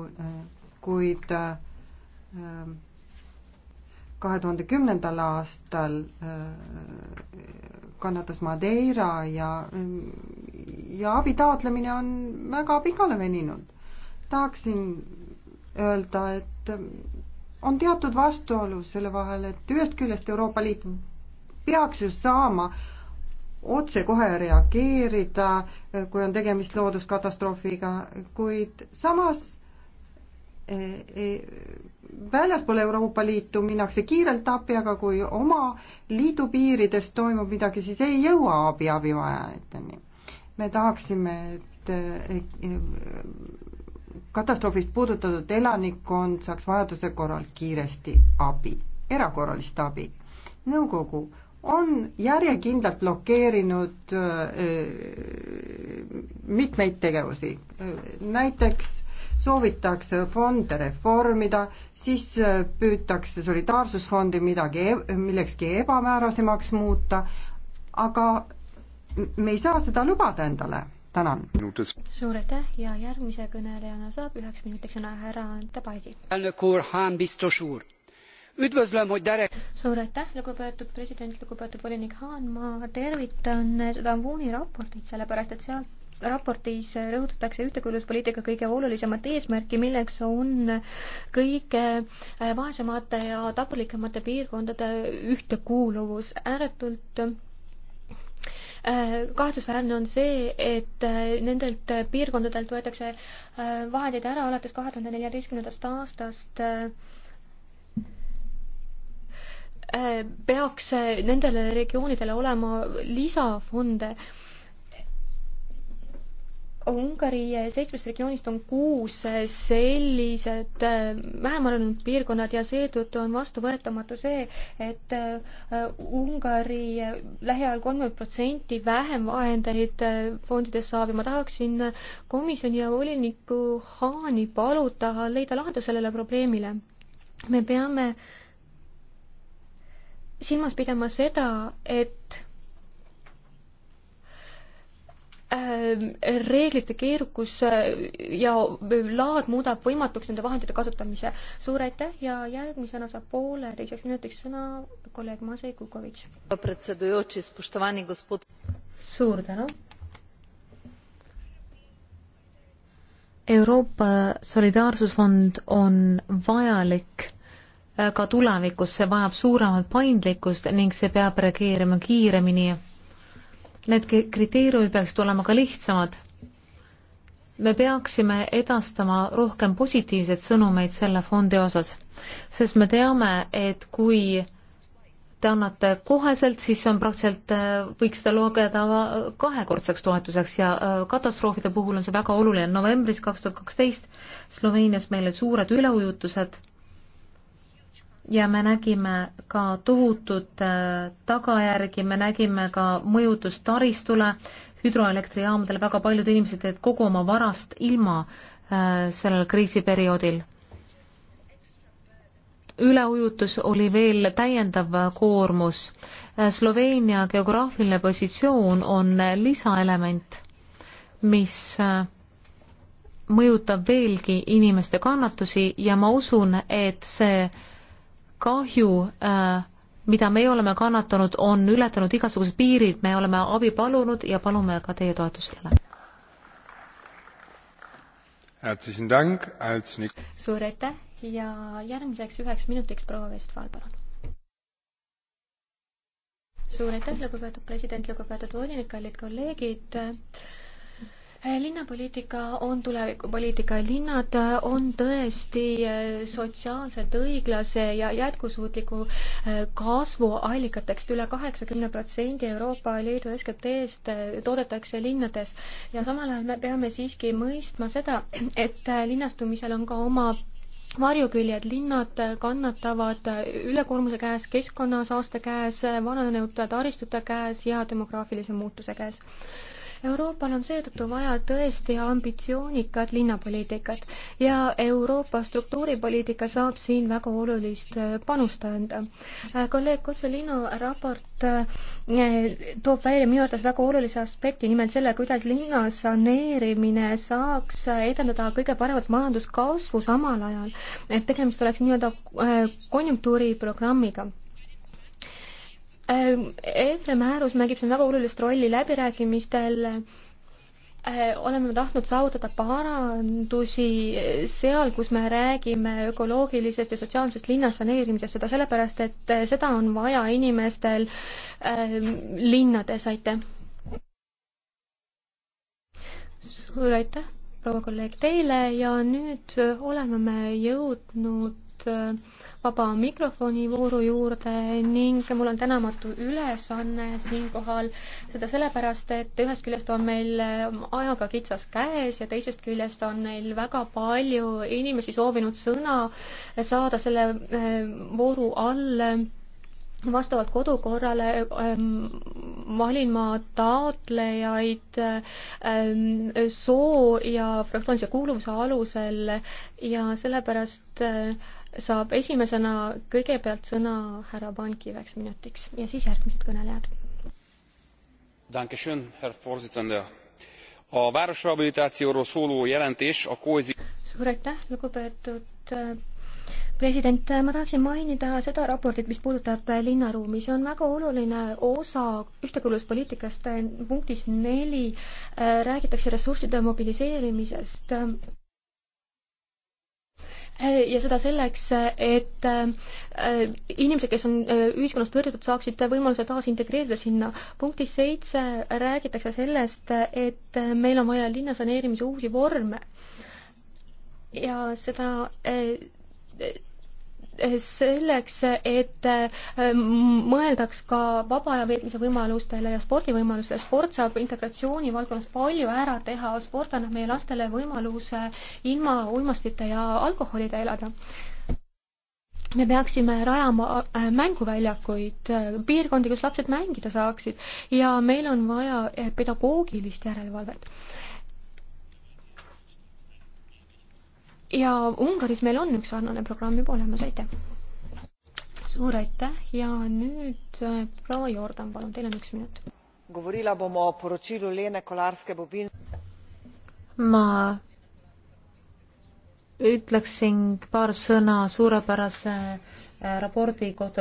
kuid kahe tuhande kümnendal aastal kannatas Madeira ja, ja abi taotlemine on väga pikale veninud. tahaksin öelda, et on teatud vastuolu selle vahel, et ühest küljest Euroopa Liit peaks just saama otsekohe reageerida, kui on tegemist looduskatastroofiga, kuid samas E, e, väljaspool Euroopa Liitu minnakse kiirelt appi, aga kui oma liidu piirides toimub midagi, siis ei jõua abi abivajajateni. me tahaksime, et e, katastroofist puudutatud elanikkond saaks vajaduse korral kiiresti abi, erakorralist abi. nõukogu on järjekindlalt blokeerinud mitmeid tegevusi, näiteks soovitakse fonde reformida, siis äh, püütakse solidaarsusfondi midagi, e-, millekski ebamäärasemaks muuta, aga me ei saa seda lubada endale. tänan. suur aitäh ja järgmise kõnelejana saab üheks minutiks sõna härra Ante Paidi. üdvözlöm, hogy Derek suur aitäh, lugupeetud president, lugupeetud volinik Haan, ma tervitan seda Vooni raportit, sellepärast et sealt raportis rõhutatakse ühtekülluspoliitika kõige olulisemat eesmärki, milleks on kõige äh, vaesemate ja tagurlikemate piirkondade ühtekuuluvus. ääretult äh, kahetsusväärne on see, et äh, nendelt piirkondadelt võetakse vahendeid ära alates kahe tuhande neljateistkümnendast aastast peaks nendele regioonidele olema lisafonde Ungari seitsmest regioonist on kuus sellised äh, vähem arenenud piirkonnad ja seetõttu on vastuvõetamatu see, et äh, Ungari äh, lähiajal kolmkümmend protsenti vähem vahendeid fondidest saab ja ma tahaksin komisjoni ja volinikku Haani paluda leida lahendus sellele probleemile. me peame silmas pidama seda, et Ähm, reeglite keerukus äh, ja laad muudab võimatuks nende vahendite kasutamise. suur aitäh ja järgmisena saab pooleteiseks minutiks sõna kolleeg Masei Kukovitš. suur tänu. Euroopa Solidaarsusfond on vajalik äh, ka tulevikus, see vajab suuremat paindlikkust ning see peab reageerima kiiremini Need kriteeriumid peaksid olema ka lihtsamad. me peaksime edastama rohkem positiivseid sõnumeid selle fondi osas, sest me teame, et kui te annate koheselt, siis on praktiliselt, äh, võiks seda lugeda kahekordseks toetuseks ja äh, katastroofide puhul on see väga oluline. novembris kaks tuhat kaksteist Sloveenias meil olid suured üleujutused ja me nägime ka tohutut äh, tagajärgi, me nägime ka mõjutust taristule, hüdroelektrijaamadele väga paljud inimesed jäid kogu oma varast ilma äh, sellel kriisiperioodil. üleujutus oli veel täiendav koormus. Äh, Sloveenia geograafiline positsioon on lisaelement, mis mõjutab veelgi inimeste kannatusi ja ma usun, et see kahju, äh, mida meie oleme kannatanud, on ületanud igasugused piirid, me oleme abi palunud ja palume ka teie toetust sellele. suur aitäh ja järgmiseks üheks minutiks proua Vestfaal, palun suur aitäh, lugupeetud president, lugupeetud volinik, kallid kolleegid. Eh, linnapoliitika on tulevikupoliitika, linnad eh, on tõesti eh, sotsiaalselt õiglase ja jätkusuutliku kasvu allikateks, üle kaheksakümne protsendi Euroopa Liidu SKT-st toodetakse linnades ja samal ajal me peame siiski mõistma seda, et linnastumisel on ka oma varjuküljed, linnad kannatavad ülekoormuse käes, keskkonnasaaste käes, vananenud taristute käes ja demograafilise muutuse käes Euroopal on seetõttu vaja tõesti ambitsioonikat linnapoliitikat ja Euroopa struktuuripoliitika saab siin väga olulist äh, panust anda. Äh, kolleeg Kotsolino raport äh, toob välja minu arvates väga olulise aspekti, nimelt selle, kuidas linna saneerimine saaks edendada kõige paremat majanduskasvu samal ajal, et tegemist oleks nii-öelda konjunktuuriprogrammiga Äh, EKRE määrus mängib siin väga olulist rolli läbirääkimistel äh, oleme tahtnud saavutada parandusi seal, kus me räägime ökoloogilisest ja sotsiaalsest linnasaneerimisest, seda sellepärast, et äh, seda on vaja inimestel äh, linnades, aitäh. suur aitäh, proua kolleeg, teile ja nüüd oleme me jõudnud äh, vaba mikrofoni vooru juurde ning mul on tänamatu ülesanne siinkohal, seda sellepärast, et ühest küljest on meil ähm, ajaga kitsas käes ja teisest küljest on meil väga palju inimesi soovinud sõna saada selle ähm, vooru all vastavalt kodukorrale ähm, valin ma taotlejaid ähm, soo ja fraktsioonilise kuuluvuse alusel ja sellepärast äh, saab esimesena kõigepealt sõna härra Banki üheks minutiks ja siis järgmised kõnelejad. a városrehabilitációról szóló jelentés a kohézió. suur aitäh, lugupeetud äh, president, ma tahaksin mainida seda raportit, mis puudutab linnaruumi, see on väga oluline osa ühtekuuluvuspoliitikast, punktis neli äh, räägitakse ressursside mobiliseerimisest Äh, ja seda selleks, et äh, inimesed, kes on äh, ühiskonnast tõrjutud, saaksid võimaluse taas integreerida sinna. punktis seitse räägitakse sellest, et meil on vaja linnasaneerimise uusi vorme ja seda selleks, et äh, mõeldaks ka vaba aja veetmise võimalustele ja spordivõimalustele. sport saab integratsiooni valdkonnas palju ära teha, sport annab meie lastele võimaluse ilma uimastite ja alkoholita elada me peaksime rajama äh, mänguväljakuid, äh, piirkondi, kus lapsed mängida saaksid ja meil on vaja pedagoogilist järelevalvet ja Ungaris meil on üks sarnane programm juba olemas, aitäh! suur aitäh ja nüüd äh, proua Jordan, palun, teil on üks minut. ma ütleksin paar sõna suurepärase raporti kohta,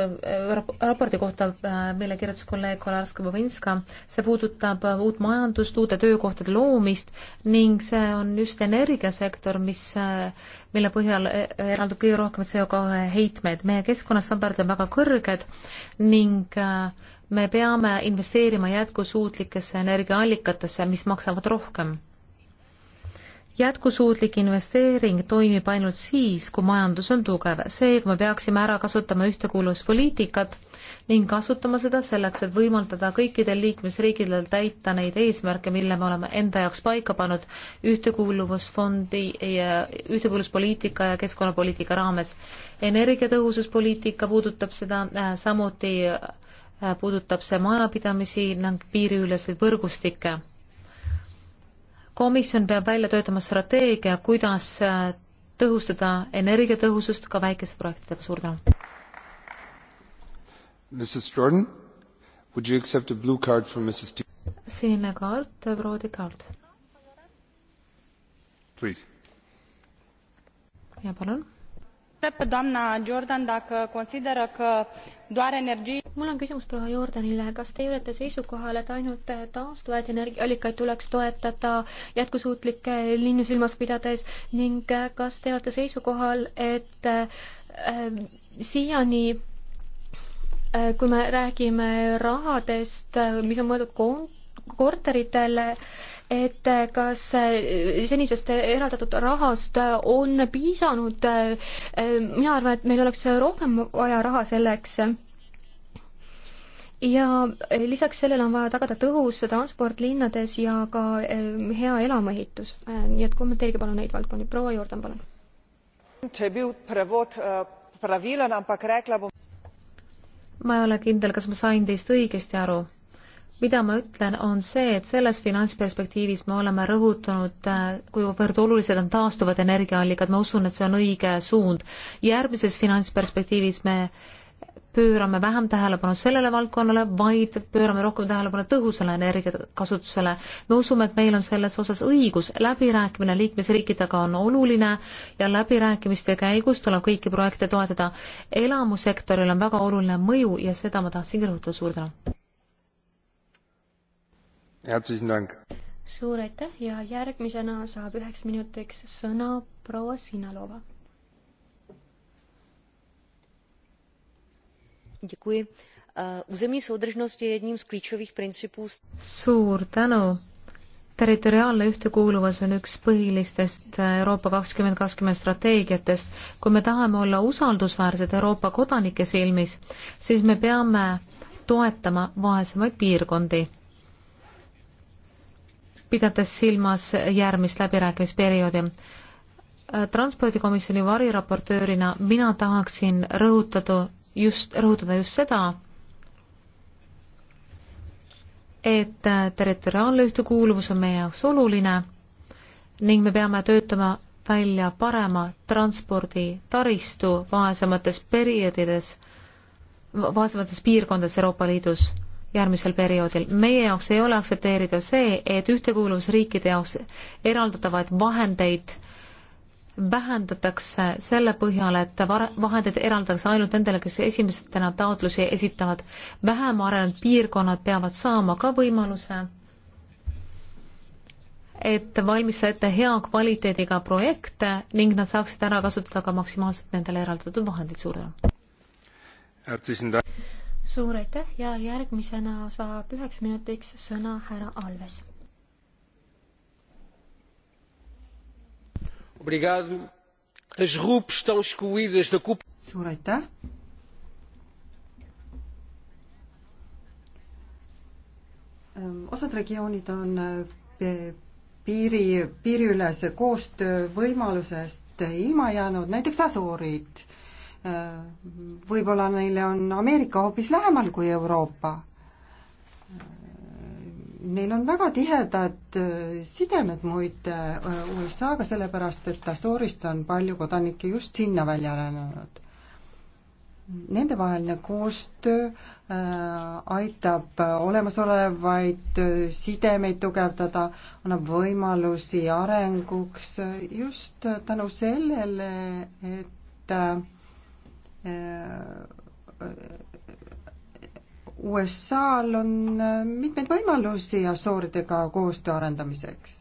raporti kohta, mille kirjutas kolleeg Kolarska-Bovinska, see puudutab uut majandust, uute töökohtade loomist ning see on just energiasektor, mis, mille põhjal e-, eraldub kõige rohkem CO2 heitmeid. meie keskkonnastandardid on väga kõrged ning me peame investeerima jätkusuutlikesse energiaallikatesse, mis maksavad rohkem jätkusuutlik investeering toimib ainult siis, kui majandus on tugev, seega me peaksime ära kasutama ühtekuuluvuspoliitikat ning kasutama seda selleks, et võimaldada kõikidel liikmesriikidel täita neid eesmärke, mille me oleme enda jaoks paika pannud ühtekuuluvusfondi ja ühtekuuluvuspoliitika ja keskkonnapoliitika raames. energiatõhususpoliitika puudutab seda äh, samuti äh, puudutab see majapidamisi ning piiriüleseid võrgustikke komisjon peab välja töötama strateegia, kuidas äh, tõhustada energiatõhusust ka väikeste projektidega, suur tänu. Mrs Jordan, would you accept a blue card from Mrs T-? sinine kaart, Vroodi äh, kaart. Please. ja palun întreb pe doamna Jordan dacă consideră că doar energie mul on küsimus proua Jordanile, kas teie olete seisukohal, et ainult taastuvaid energiaallikaid tuleks toetada jätkusuutlikke linnu silmas pidades ning kas te olete seisukohal, et äh, siiani äh, kui me räägime rahadest, äh, mis on mõeldud kon-, korteritele, et kas äh, senisest eraldatud rahast on piisanud, äh, mina arvan, et meil oleks rohkem vaja raha selleks ja äh, lisaks sellele on vaja tagada tõhus transport linnades ja ka hea elamuehitus. nii et kommenteerige palun neid valdkondi. proua Jordan, palun. ma ei ole kindel, kas ma sain teist õigesti aru mida ma ütlen, on see, et selles finantsperspektiivis me oleme rõhutanud, äh, kuivõrd olulised on taastuvad energiaallikad, ma usun, et see on õige suund. järgmises finantsperspektiivis me pöörame vähem tähelepanu sellele valdkonnale, vaid pöörame rohkem tähelepanu tõhusale energiakasutusele. me usume, et meil on selles osas õigus, läbirääkimine liikmesriikidega on oluline ja läbirääkimiste käigus tuleb kõiki projekte toetada. elamusektoril on väga oluline mõju ja seda ma tahtsingi rõhutada, suur tänu! suur aitäh ja järgmisena saab üheks minutiks sõna proua Sinalova. Eh, územní soudržnost je jedním z klíčových principů. Suur tänu. territoriaalne ühtekuuluvus on üks põhilistest Euroopa kakskümmend kakskümmend strateegiatest. kui me tahame olla usaldusväärsed Euroopa kodanike silmis, siis me peame toetama vaesemaid piirkondi pidades silmas järgmist läbirääkimisperioodi. transpordikomisjoni variraportöörina mina tahaksin rõhutada just, rõhutada just seda, et territoriaalne ühtekuuluvus on meie jaoks oluline ning me peame töötama välja parema transporditaristu vaesemates perioodides, vaesemates piirkondades Euroopa Liidus järgmisel perioodil. meie jaoks ei ole aktsepteerida see, et ühtekuuluvusriikide jaoks eraldatavaid vahendeid vähendatakse selle põhjal, et vahendeid eraldatakse ainult nendele, kes esimesena taotlusi esitavad. vähem arenenud piirkonnad peavad saama ka võimaluse, et valmistada ette hea kvaliteediga projekte ning nad saaksid ära kasutada ka maksimaalselt nendele eraldatud vahendeid. suur tänu! suur aitäh ja järgmisena saab üheks minutiks sõna härra Alves. suur aitäh. Ehm, osad regioonid on eh, piiri, piiriülese koostöö võimalusest ilma jäänud, näiteks Asoorid Äh, võib-olla neile on Ameerika hoopis lähemal kui Euroopa. Äh, neil on väga tihedad äh, sidemed muide USA-ga, sellepärast et Assoorist on palju kodanikke just sinna välja rännanud. Nendevaheline koostöö aitab olemasolevaid sidemeid tugevdada, annab võimalusi arenguks just tänu sellele, et USA-l on äh, mitmeid võimalusi Asooridega koostöö arendamiseks.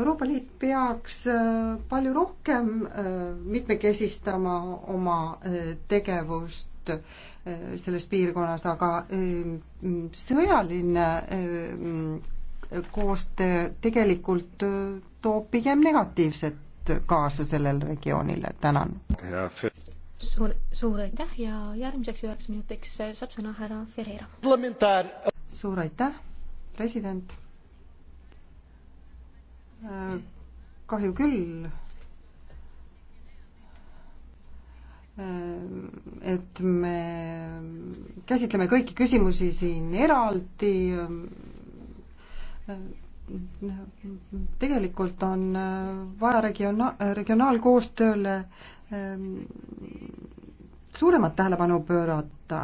Euroopa Liit peaks äh, palju rohkem äh, mitmekesistama oma tegevust selles piirkonnas, aga sõjaline koostöö tegelikult toob pigem negatiivset kaasa sellele regioonile, tänan suur, suur aitäh ja järgmiseks üheks minutiks saab sõna härra Ferreira. suur aitäh, president. Äh, kahju küll, äh, et me käsitleme kõiki küsimusi siin eraldi. Äh, tegelikult on vaja regiona-, regionaalkoostööle Ehm, suuremat tähelepanu pöörata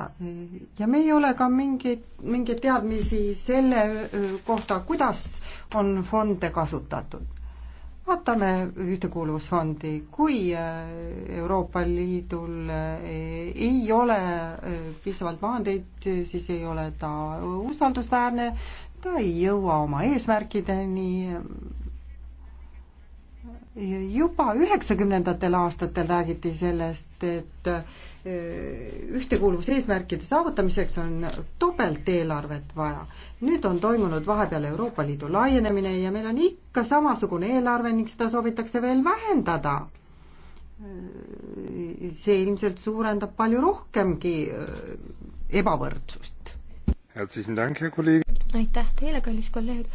ja me ei ole ka mingeid, mingeid teadmisi selle kohta, kuidas on fonde kasutatud. vaatame Ühtekuuluvusfondi, kui Euroopa Liidul ei ole piisavalt vahendeid, siis ei ole ta usaldusväärne, ta ei jõua oma eesmärkideni, juba üheksakümnendatel aastatel räägiti sellest, et eh, ühtekuuluvuseesmärkide saavutamiseks on topelteelarvet vaja. nüüd on toimunud vahepeal Euroopa Liidu laienemine ja meil on ikka samasugune eelarve ning seda soovitakse veel vähendada. see ilmselt suurendab palju rohkemgi eh, ebavõrdsust. aitäh teile, kallis kolleeg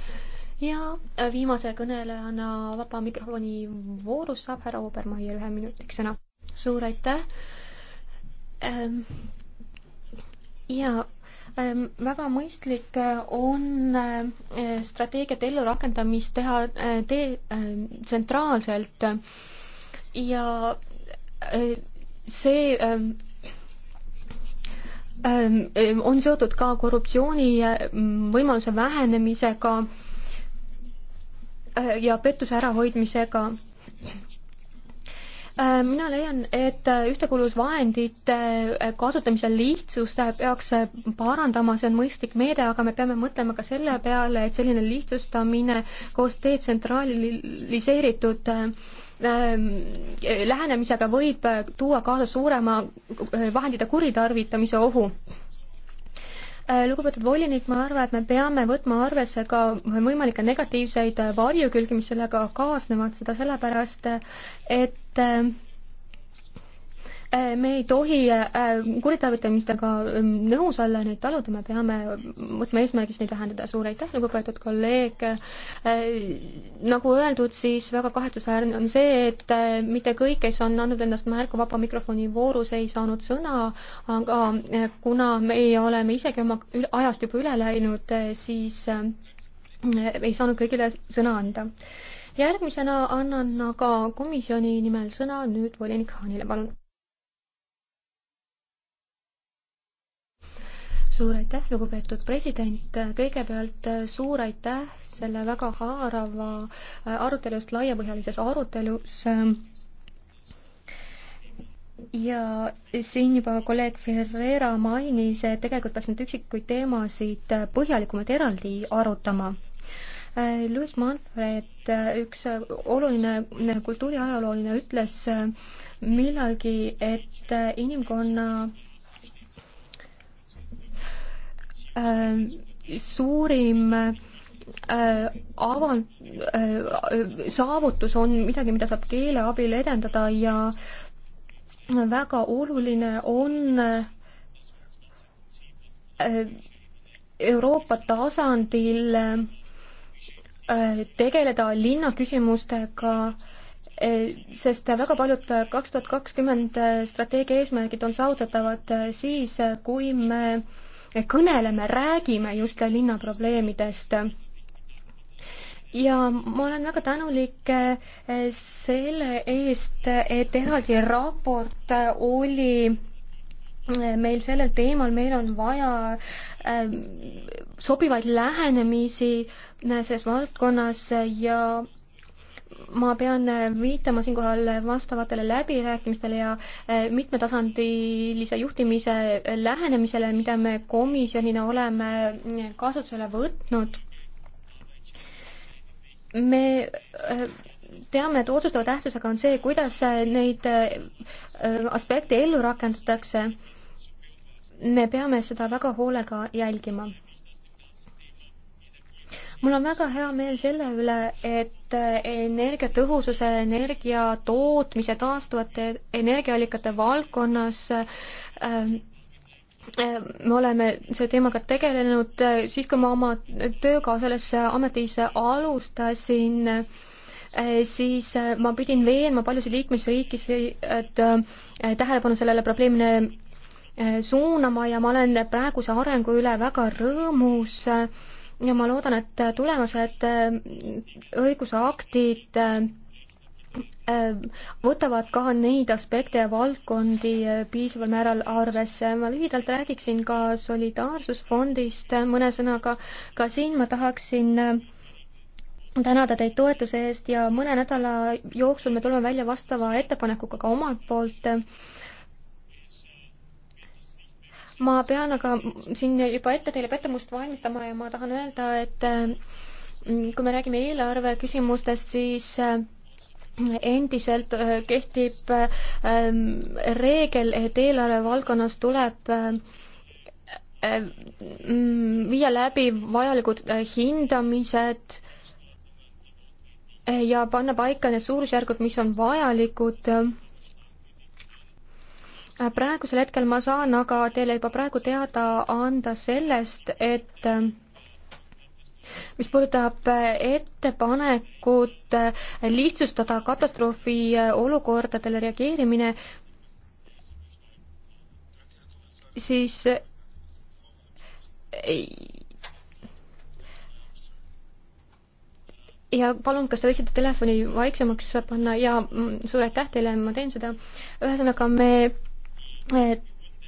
ja äh, viimase kõnelejana vaba mikrofoni voorus saab härra Obermaier ühe minutiks sõna. suur aitäh ähm,! ja ähm, väga mõistlik äh, on äh, strateegiate ellurakendamist teha tee-, tsentraalselt ja see ähm, ähm, on seotud ka korruptsiooni võimaluse vähenemisega Äh, ja pettuse ärahoidmisega äh, mina leian, et äh, ühtekuuluvusvahendite kasutamise lihtsust peaks parandama, see on mõistlik meede, aga me peame mõtlema ka selle peale, et selline lihtsustamine koos detsentraliseeritud lähenemisega võib tuua kaasa suurema vahendite kuritarvitamise ohu Äh, lugupeetud volinik, ma arvan, et me peame võtma arvesse ka võimalikke negatiivseid varjukülgi, mis sellega kaasnevad, seda sellepärast, et äh, Äh, me ei tohi äh, kuritarvitamistega ähm, nõus olla, neid taluda, me peame võtma eesmärgiks neid vähendada. suur aitäh, lugupeetud kolleeg. Äh, nagu öeldud, siis väga kahetsusväärne on see, et mitte kõik, kes on andnud endast märku vaba mikrofoni voorus, ei saanud sõna, aga kuna meie oleme isegi oma ajast juba üle läinud, siis ei saanud kõigile sõna anda järgmisena annan aga komisjoni nimel sõna nüüd volinik Haanile, palun. suur aitäh, lugupeetud president, kõigepealt äh, suur aitäh selle väga haarava äh, arutelu eest, laiapõhjalises arutelus. ja siin juba kolleeg Ferreira mainis, et tegelikult peaks neid üksikuid teemasid äh, põhjalikumalt eraldi arutama Louis Manfred, üks oluline kultuuriajalooline, ütles millalgi, et inimkonna Äh, suurim äh, avan-, äh, saavutus on midagi, mida saab keele abil edendada ja väga oluline on Euroopa tasandil tegeleda linnaküsimustega, sest väga paljud kaks tuhat kakskümmend strateegia eesmärgid on saavutatavad siis, kui me kõneleme, räägime just linna probleemidest ja ma olen väga tänulik eh, selle eest, et eraldi raport eh, oli eh, meil sellel teemal, meil on vaja sobivaid lähenemisi selles valdkonnas ja ma pean äh, viitama siinkohal vastavatele läbirääkimistele ja äh, mitmetasandilise juhtimise äh, lähenemisele, mida me komisjonina oleme kasutusele võtnud. me teame, et otsustava tähtsusega on see, kuidas neid aspekte ellu rakendatakse. me peame seda väga hoolega jälgima mul on väga hea meel selle üle, et eh, energiatõhususe, energia tootmise, taastuvate energiaallikate valdkonnas ähm, me oleme selle teemaga tegelenud, siis kui ma oma tööga selles ametis alustasin, siis ma pidin veenma paljusid liikmesriikisi, et tähelepanu sellele probleemile suunama ja ma olen praeguse arengu üle väga rõõmus äh, ja ma loodan, et tulevased äh, õigusaktid äh, äh, võtavad ka neid aspekte ja valdkondi piisaval määral arvesse. ma lühidalt räägiksin ka Solidaarsusfondist mõne sõnaga. ka siin ma tahaksin tänada teid toetuse eest ja mõne nädala jooksul me tuleme välja vastava ettepanekuga ka omalt poolt ma pean aga siin juba ette teile pettumust valmistama ja ma tahan öelda, et mm, kui me räägime eelarve küsimustest, siis äh, endiselt äh, kehtib ähm, reegel, et eelarve valdkonnas tuleb äh, mm, viia läbi vajalikud hindamised ja panna paika need suurusjärgud, mis on vajalikud Äh, praegusel hetkel ma saan aga teile juba praegu teada anda sellest, et äh, mis puudutab äh, ettepanekut lihtsustada katastroofi olukordadele reageerimine, siis ja palun, kas te võiksite telefoni vaiksemaks panna ja mm, suur aitäh teile, ma teen seda. ühesõnaga, me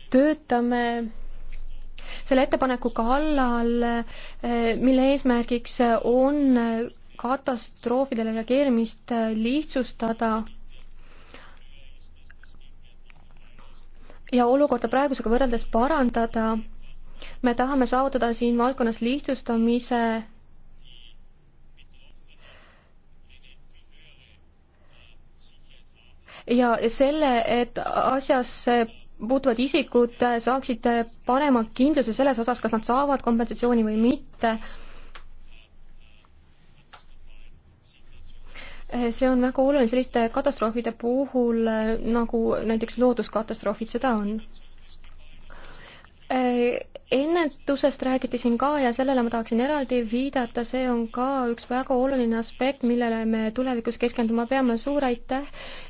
töötame selle ettepaneku kallal, mille eesmärgiks on katastroofidele reageerimist lihtsustada ja olukorda praegusega võrreldes parandada. me tahame saavutada siin valdkonnas lihtsustamise ja selle, et asjasse puutuvad isikud saaksid parema kindluse selles osas, kas nad saavad kompensatsiooni või mitte. see on väga oluline selliste katastroofide puhul, nagu näiteks looduskatastroofid seda on. Äh, ennetusest räägiti siin ka ja sellele ma tahaksin eraldi viidata, see on ka üks väga oluline aspekt, millele me tulevikus keskenduma peame. suur aitäh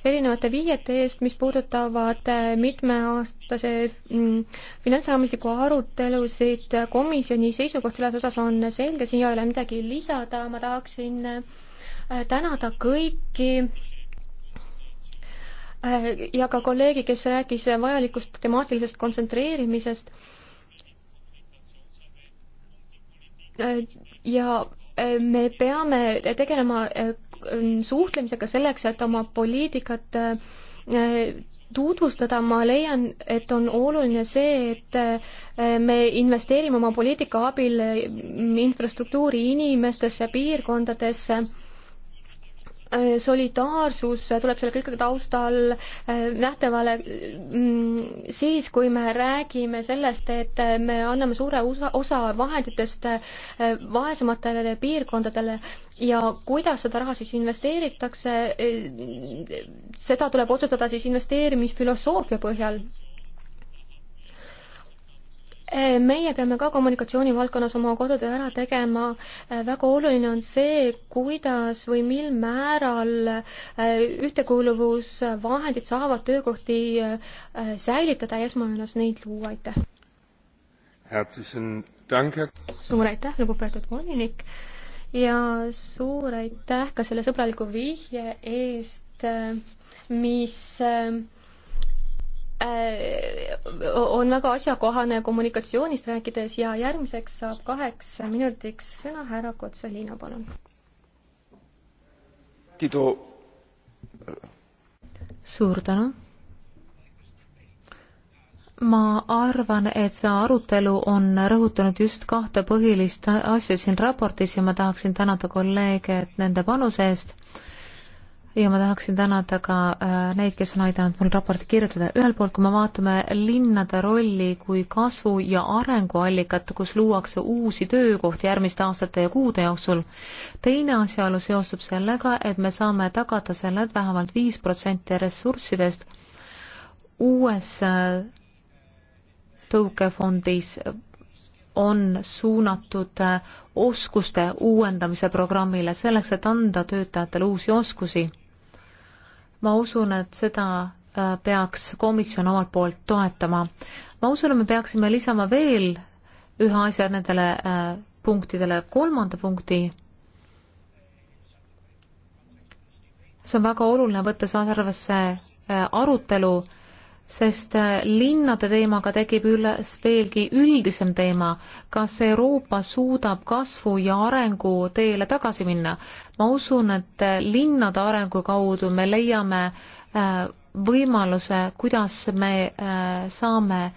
erinevate vihjete eest, mis puudutavad äh, mitmeaastase mm, finantsraamistiku arutelusid. komisjoni seisukoht selles osas on selge, siia ei ole midagi lisada. ma tahaksin äh, tänada kõiki ja ka kolleegi, kes rääkis vajalikust temaatilisest kontsentreerimisest. ja me peame tegelema ähm, suhtlemisega selleks, et oma poliitikat äh, tutvustada, ma leian, et on oluline see, et äh, me investeerime oma poliitika abil äh, infrastruktuuri inimestesse, piirkondadesse Äh, solidaarsus tuleb selle kõige taustal äh, nähtavale mm, siis, kui me räägime sellest, et me anname suure osa vahenditest äh, vaesematele piirkondadele ja kuidas seda raha siis investeeritakse, seda tuleb otsustada siis investeerimisfilosoofia põhjal meie peame ka kommunikatsiooni valdkonnas oma kodutöö ära tegema. Äh, väga oluline on see, kuidas või mil määral äh, ühtekuuluvusvahendid saavad töökohti äh, säilitada ja esmajoones neid luua, aitäh. suur aitäh, lugupeetud volinik ja suur aitäh ka selle sõbraliku vihje eest, mis Äh, on väga asjakohane kommunikatsioonist rääkides ja järgmiseks saab kaheks minutiks sõna härra Kotsalino, palun. Tiidu. suur tänu. ma arvan, et see arutelu on rõhutanud just kahte põhilist asja siin raportis ja ma tahaksin tänada kolleege nende panuse eest ja ma tahaksin tänada ka äh, neid, kes on aidanud mul raporti kirjutada. ühelt poolt, kui me vaatame linnade rolli kui kasvu- ja arenguallikat, kus luuakse uusi töökohti järgmiste aastate ja kuude jooksul, teine asjaolu seostub sellega, et me saame tagada selle, et vähemalt viis protsenti ressurssidest uues äh, tõukefondis on suunatud äh, oskuste uuendamise programmile selleks, et anda töötajatele uusi oskusi ma usun, et seda äh, peaks komisjon omalt poolt toetama. ma usun, et me peaksime lisama veel ühe asja nendele äh, punktidele, kolmanda punkti. see on väga oluline, võttes arvesse äh, arutelu sest äh, linnade teemaga tekib üles veelgi üldisem teema, kas Euroopa suudab kasvu ja arengu teele tagasi minna. ma usun, et äh, linnade arengu kaudu me leiame äh, võimaluse, kuidas me saame äh,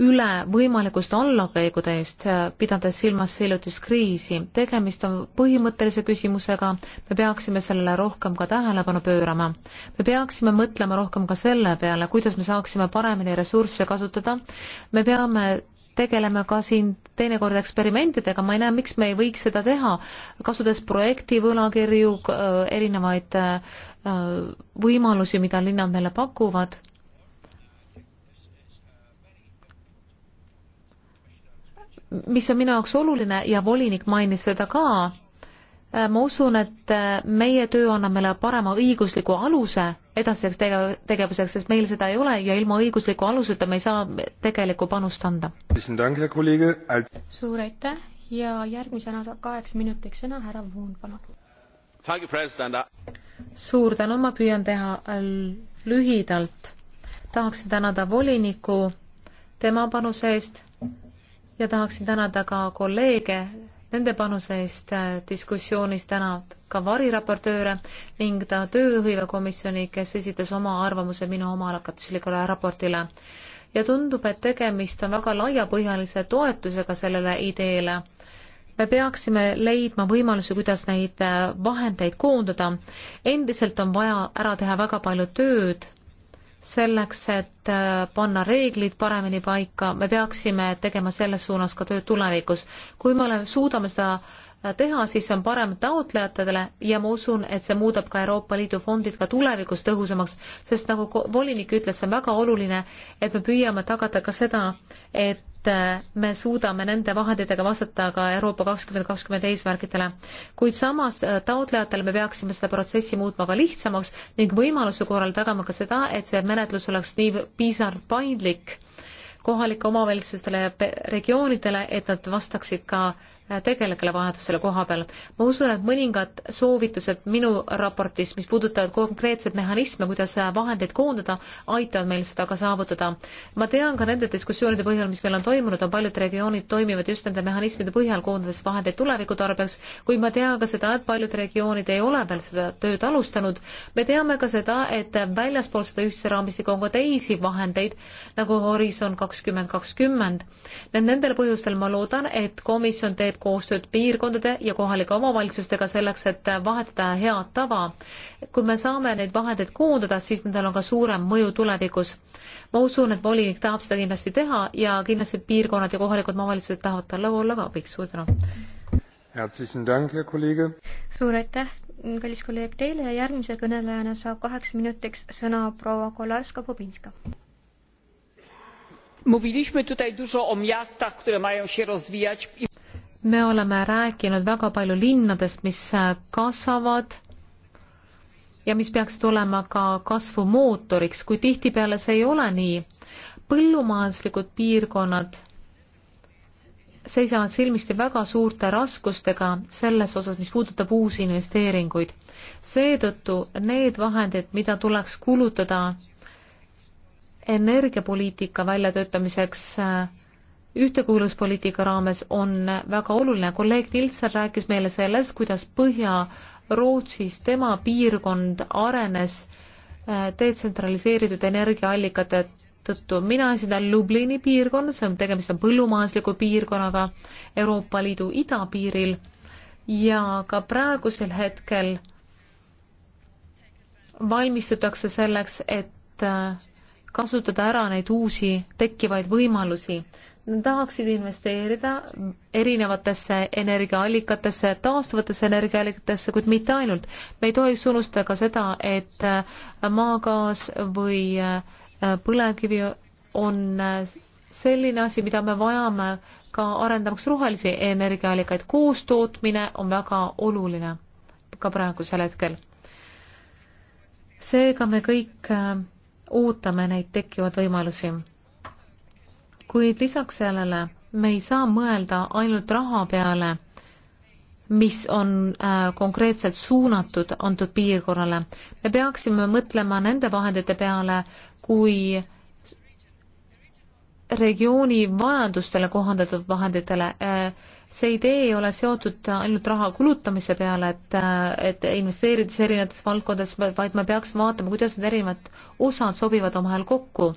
üle võimalikust allakäigutäist, pidades silmas hiljutist kriisi. tegemist on põhimõttelise küsimusega, me peaksime sellele rohkem ka tähelepanu pöörama. me peaksime mõtlema rohkem ka selle peale, kuidas me saaksime paremini ressursse kasutada, me peame tegeleme ka siin teinekord eksperimentidega, ma ei näe, miks me ei võiks seda teha, kasutades projektivõlakirju, erinevaid äh, võimalusi, mida linnad meile pakuvad mis on minu jaoks oluline ja volinik mainis seda ka, äh, ma usun, et äh, meie töö annab meile parema õigusliku aluse edasiseks tegev-, tegevuseks, sest meil seda ei ole ja ilma õigusliku aluseta me ei saa tegelikku panust anda. suur aitäh ja järgmisena saab kaheks minutiks sõna härra Voon, palun. suur tänu, ma püüan teha äh, lühidalt. tahaksin tänada volinikku tema panuse eest ja tahaksin tänada ka kolleege nende panuse eest äh, diskussioonis täna ka variraportööre ning ta tööhõivekomisjoni, kes esitas oma arvamuse minu omaalgatuslikule raportile. ja tundub, et tegemist on väga laiapõhjalise toetusega sellele ideele. me peaksime leidma võimalusi, kuidas neid äh, vahendeid koondada. endiselt on vaja ära teha väga palju tööd selleks, et äh, panna reeglid paremini paika, me peaksime tegema selles suunas ka tööd tulevikus. kui me oleme, suudame seda äh, teha, siis see on parem taotlejatele ja ma usun, et see muudab ka Euroopa Liidu fondid ka tulevikus tõhusamaks, sest nagu volinik ütles, see on väga oluline, et me püüame tagada ka seda, et Äh, me suudame nende vahenditega vastata ka Euroopa kakskümmend kakskümmend eesmärkidele. kuid samas äh, taotlejatele me peaksime seda protsessi muutma ka lihtsamaks ning võimaluse korral tagama ka seda, et see menetlus oleks nii piisavalt paindlik kohalike omavalitsustele ja regioonidele, et nad vastaksid ka äh, tegelikele vajadustele koha peal. ma usun, et mõningad soovitused minu raportis, mis puudutavad konkreetseid mehhanisme, kuidas vahendeid koondada, aitavad meil seda ka saavutada. ma tean ka nende diskussioonide põhjal, mis meil on toimunud, on paljud regioonid toimivad just nende mehhanismide põhjal, koondades vahendeid tuleviku tarbeks, kuid ma tean ka seda, et paljud regioonid ei ole veel seda tööd alustanud. me teame ka seda, et väljaspool seda ühtse raamistikku on ka teisi vahendeid, nagu Horizon kakskümmend kakskümmend. Nendel põhjustel ma loodan, et komisjon teeb teeb koostööd piirkondade ja kohalike omavalitsustega selleks, et vahetada head tava. kui me saame neid vahendeid koondada, siis nendel on ka suurem mõju tulevikus. ma usun, et volinik tahab seda kindlasti teha ja kindlasti piirkonnad ja kohalikud omavalitsused tahavad talle olla ka abiks. suur tänu! suur aitäh, kallis kolleeg teile ja järgmise kõnelejana saab kaheks minutiks sõna proua Kolarska-Bobinska mówiliśmy tutaj dużo o miastach które mają się rozwijać i me oleme rääkinud väga palju linnadest, mis äh, kasvavad ja mis peaksid olema ka kasvumootoriks, kui tihtipeale see ei ole nii. põllumajanduslikud piirkonnad seisavad silmisti väga suurte raskustega selles osas, mis puudutab uusi investeeringuid. seetõttu need vahendid, mida tuleks kulutada energiapoliitika väljatöötamiseks äh, ühtekuuluvuspoliitika raames on väga oluline. kolleeg Nilsson rääkis meile sellest, kuidas Põhja-Rootsis tema piirkond arenes äh, detsentraliseeritud energiaallikate tõttu. mina esindan Lublini piirkonda, see on, tegemist on põllumajandusliku piirkonnaga Euroopa Liidu idapiiril ja ka praegusel hetkel valmistutakse selleks, et äh, kasutada ära neid uusi tekkivaid võimalusi Nad tahaksid investeerida erinevatesse energiaallikatesse, taastuvatesse energiaallikatesse, kuid mitte ainult. me ei tohiks unustada ka seda, et äh, maagaas või äh, põlevkivi on äh, selline asi, mida me vajame ka arendamaks rohelisi energiaallikaid. koostootmine on väga oluline ka praegusel hetkel. seega me kõik ootame neid tekkivad võimalusi kuid lisaks sellele me ei saa mõelda ainult raha peale, mis on äh, konkreetselt suunatud antud piirkonnale. me peaksime mõtlema nende vahendite peale, kui regiooni vajadustele kohandatud vahenditele äh, see idee ei ole seotud ainult raha kulutamise peale, et, äh, et investeerides erinevates valdkondades, vaid me peaks vaatama, kuidas need erinevad osad sobivad omavahel kokku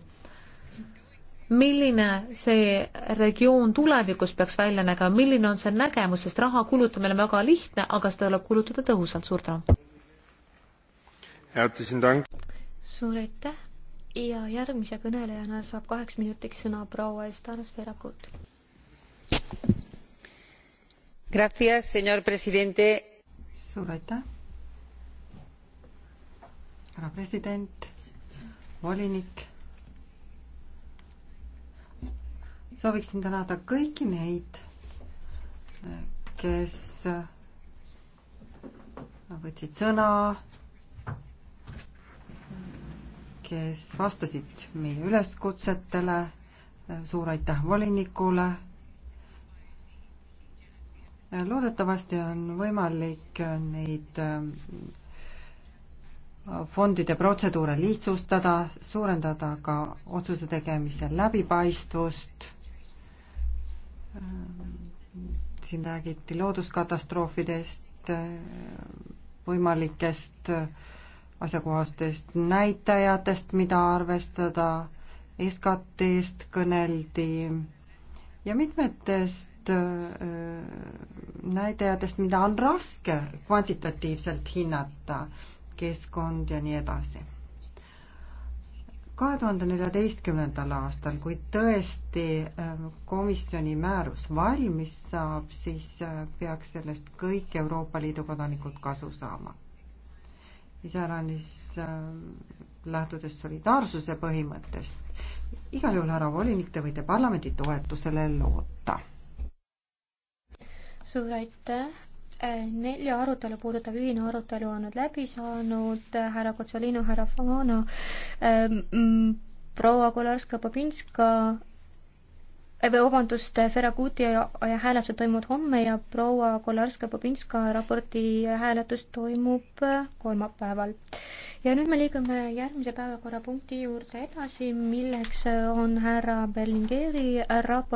milline see regioon tulevikus peaks välja nägema, milline on see nägemus, sest raha kulutamine on väga lihtne, aga seda tuleb kulutada tõhusalt, suur tänu. suur aitäh ja järgmise kõnelejana saab kaheks minutiks sõna proua Estaras Ferragut. suur aitäh, härra president, volinik sooviksin tänada kõiki neid, kes võtsid sõna, kes vastasid meie üleskutsetele, suur aitäh volinikule. loodetavasti on võimalik neid äh, fondide protseduure lihtsustada, suurendada ka otsuse tegemise läbipaistvust Äh, siin räägiti looduskatastroofidest, äh, võimalikest äh, asjakohastest näitajatest, mida arvestada, SKT-st kõneldi ja mitmetest näitajatest, mida on raske kvantitatiivselt hinnata, keskkond ja nii edasi kahe tuhande neljateistkümnendal aastal, kui tõesti äh, komisjoni määrus valmis saab, siis äh, peaks sellest kõik Euroopa Liidu kodanikud kasu saama. iseäranis äh, lähtudes solidaarsuse põhimõttest. igal juhul, härra volinik, te võite parlamendi toetusele loota. suur aitäh nelja arutelu puudutav ühine arutelu on nüüd läbi saanud, härra Kotsolino, härra Fana ähm,, mm, proua Kolarska-Babinska äh, või vabandust, Ferraguti ja, ja hääletused toimuvad homme ja proua Kolarska-Babinska raporti hääletus toimub kolmapäeval. ja nüüd me liigume järgmise päevakorrapunkti juurde edasi, milleks on härra Berlingeri raport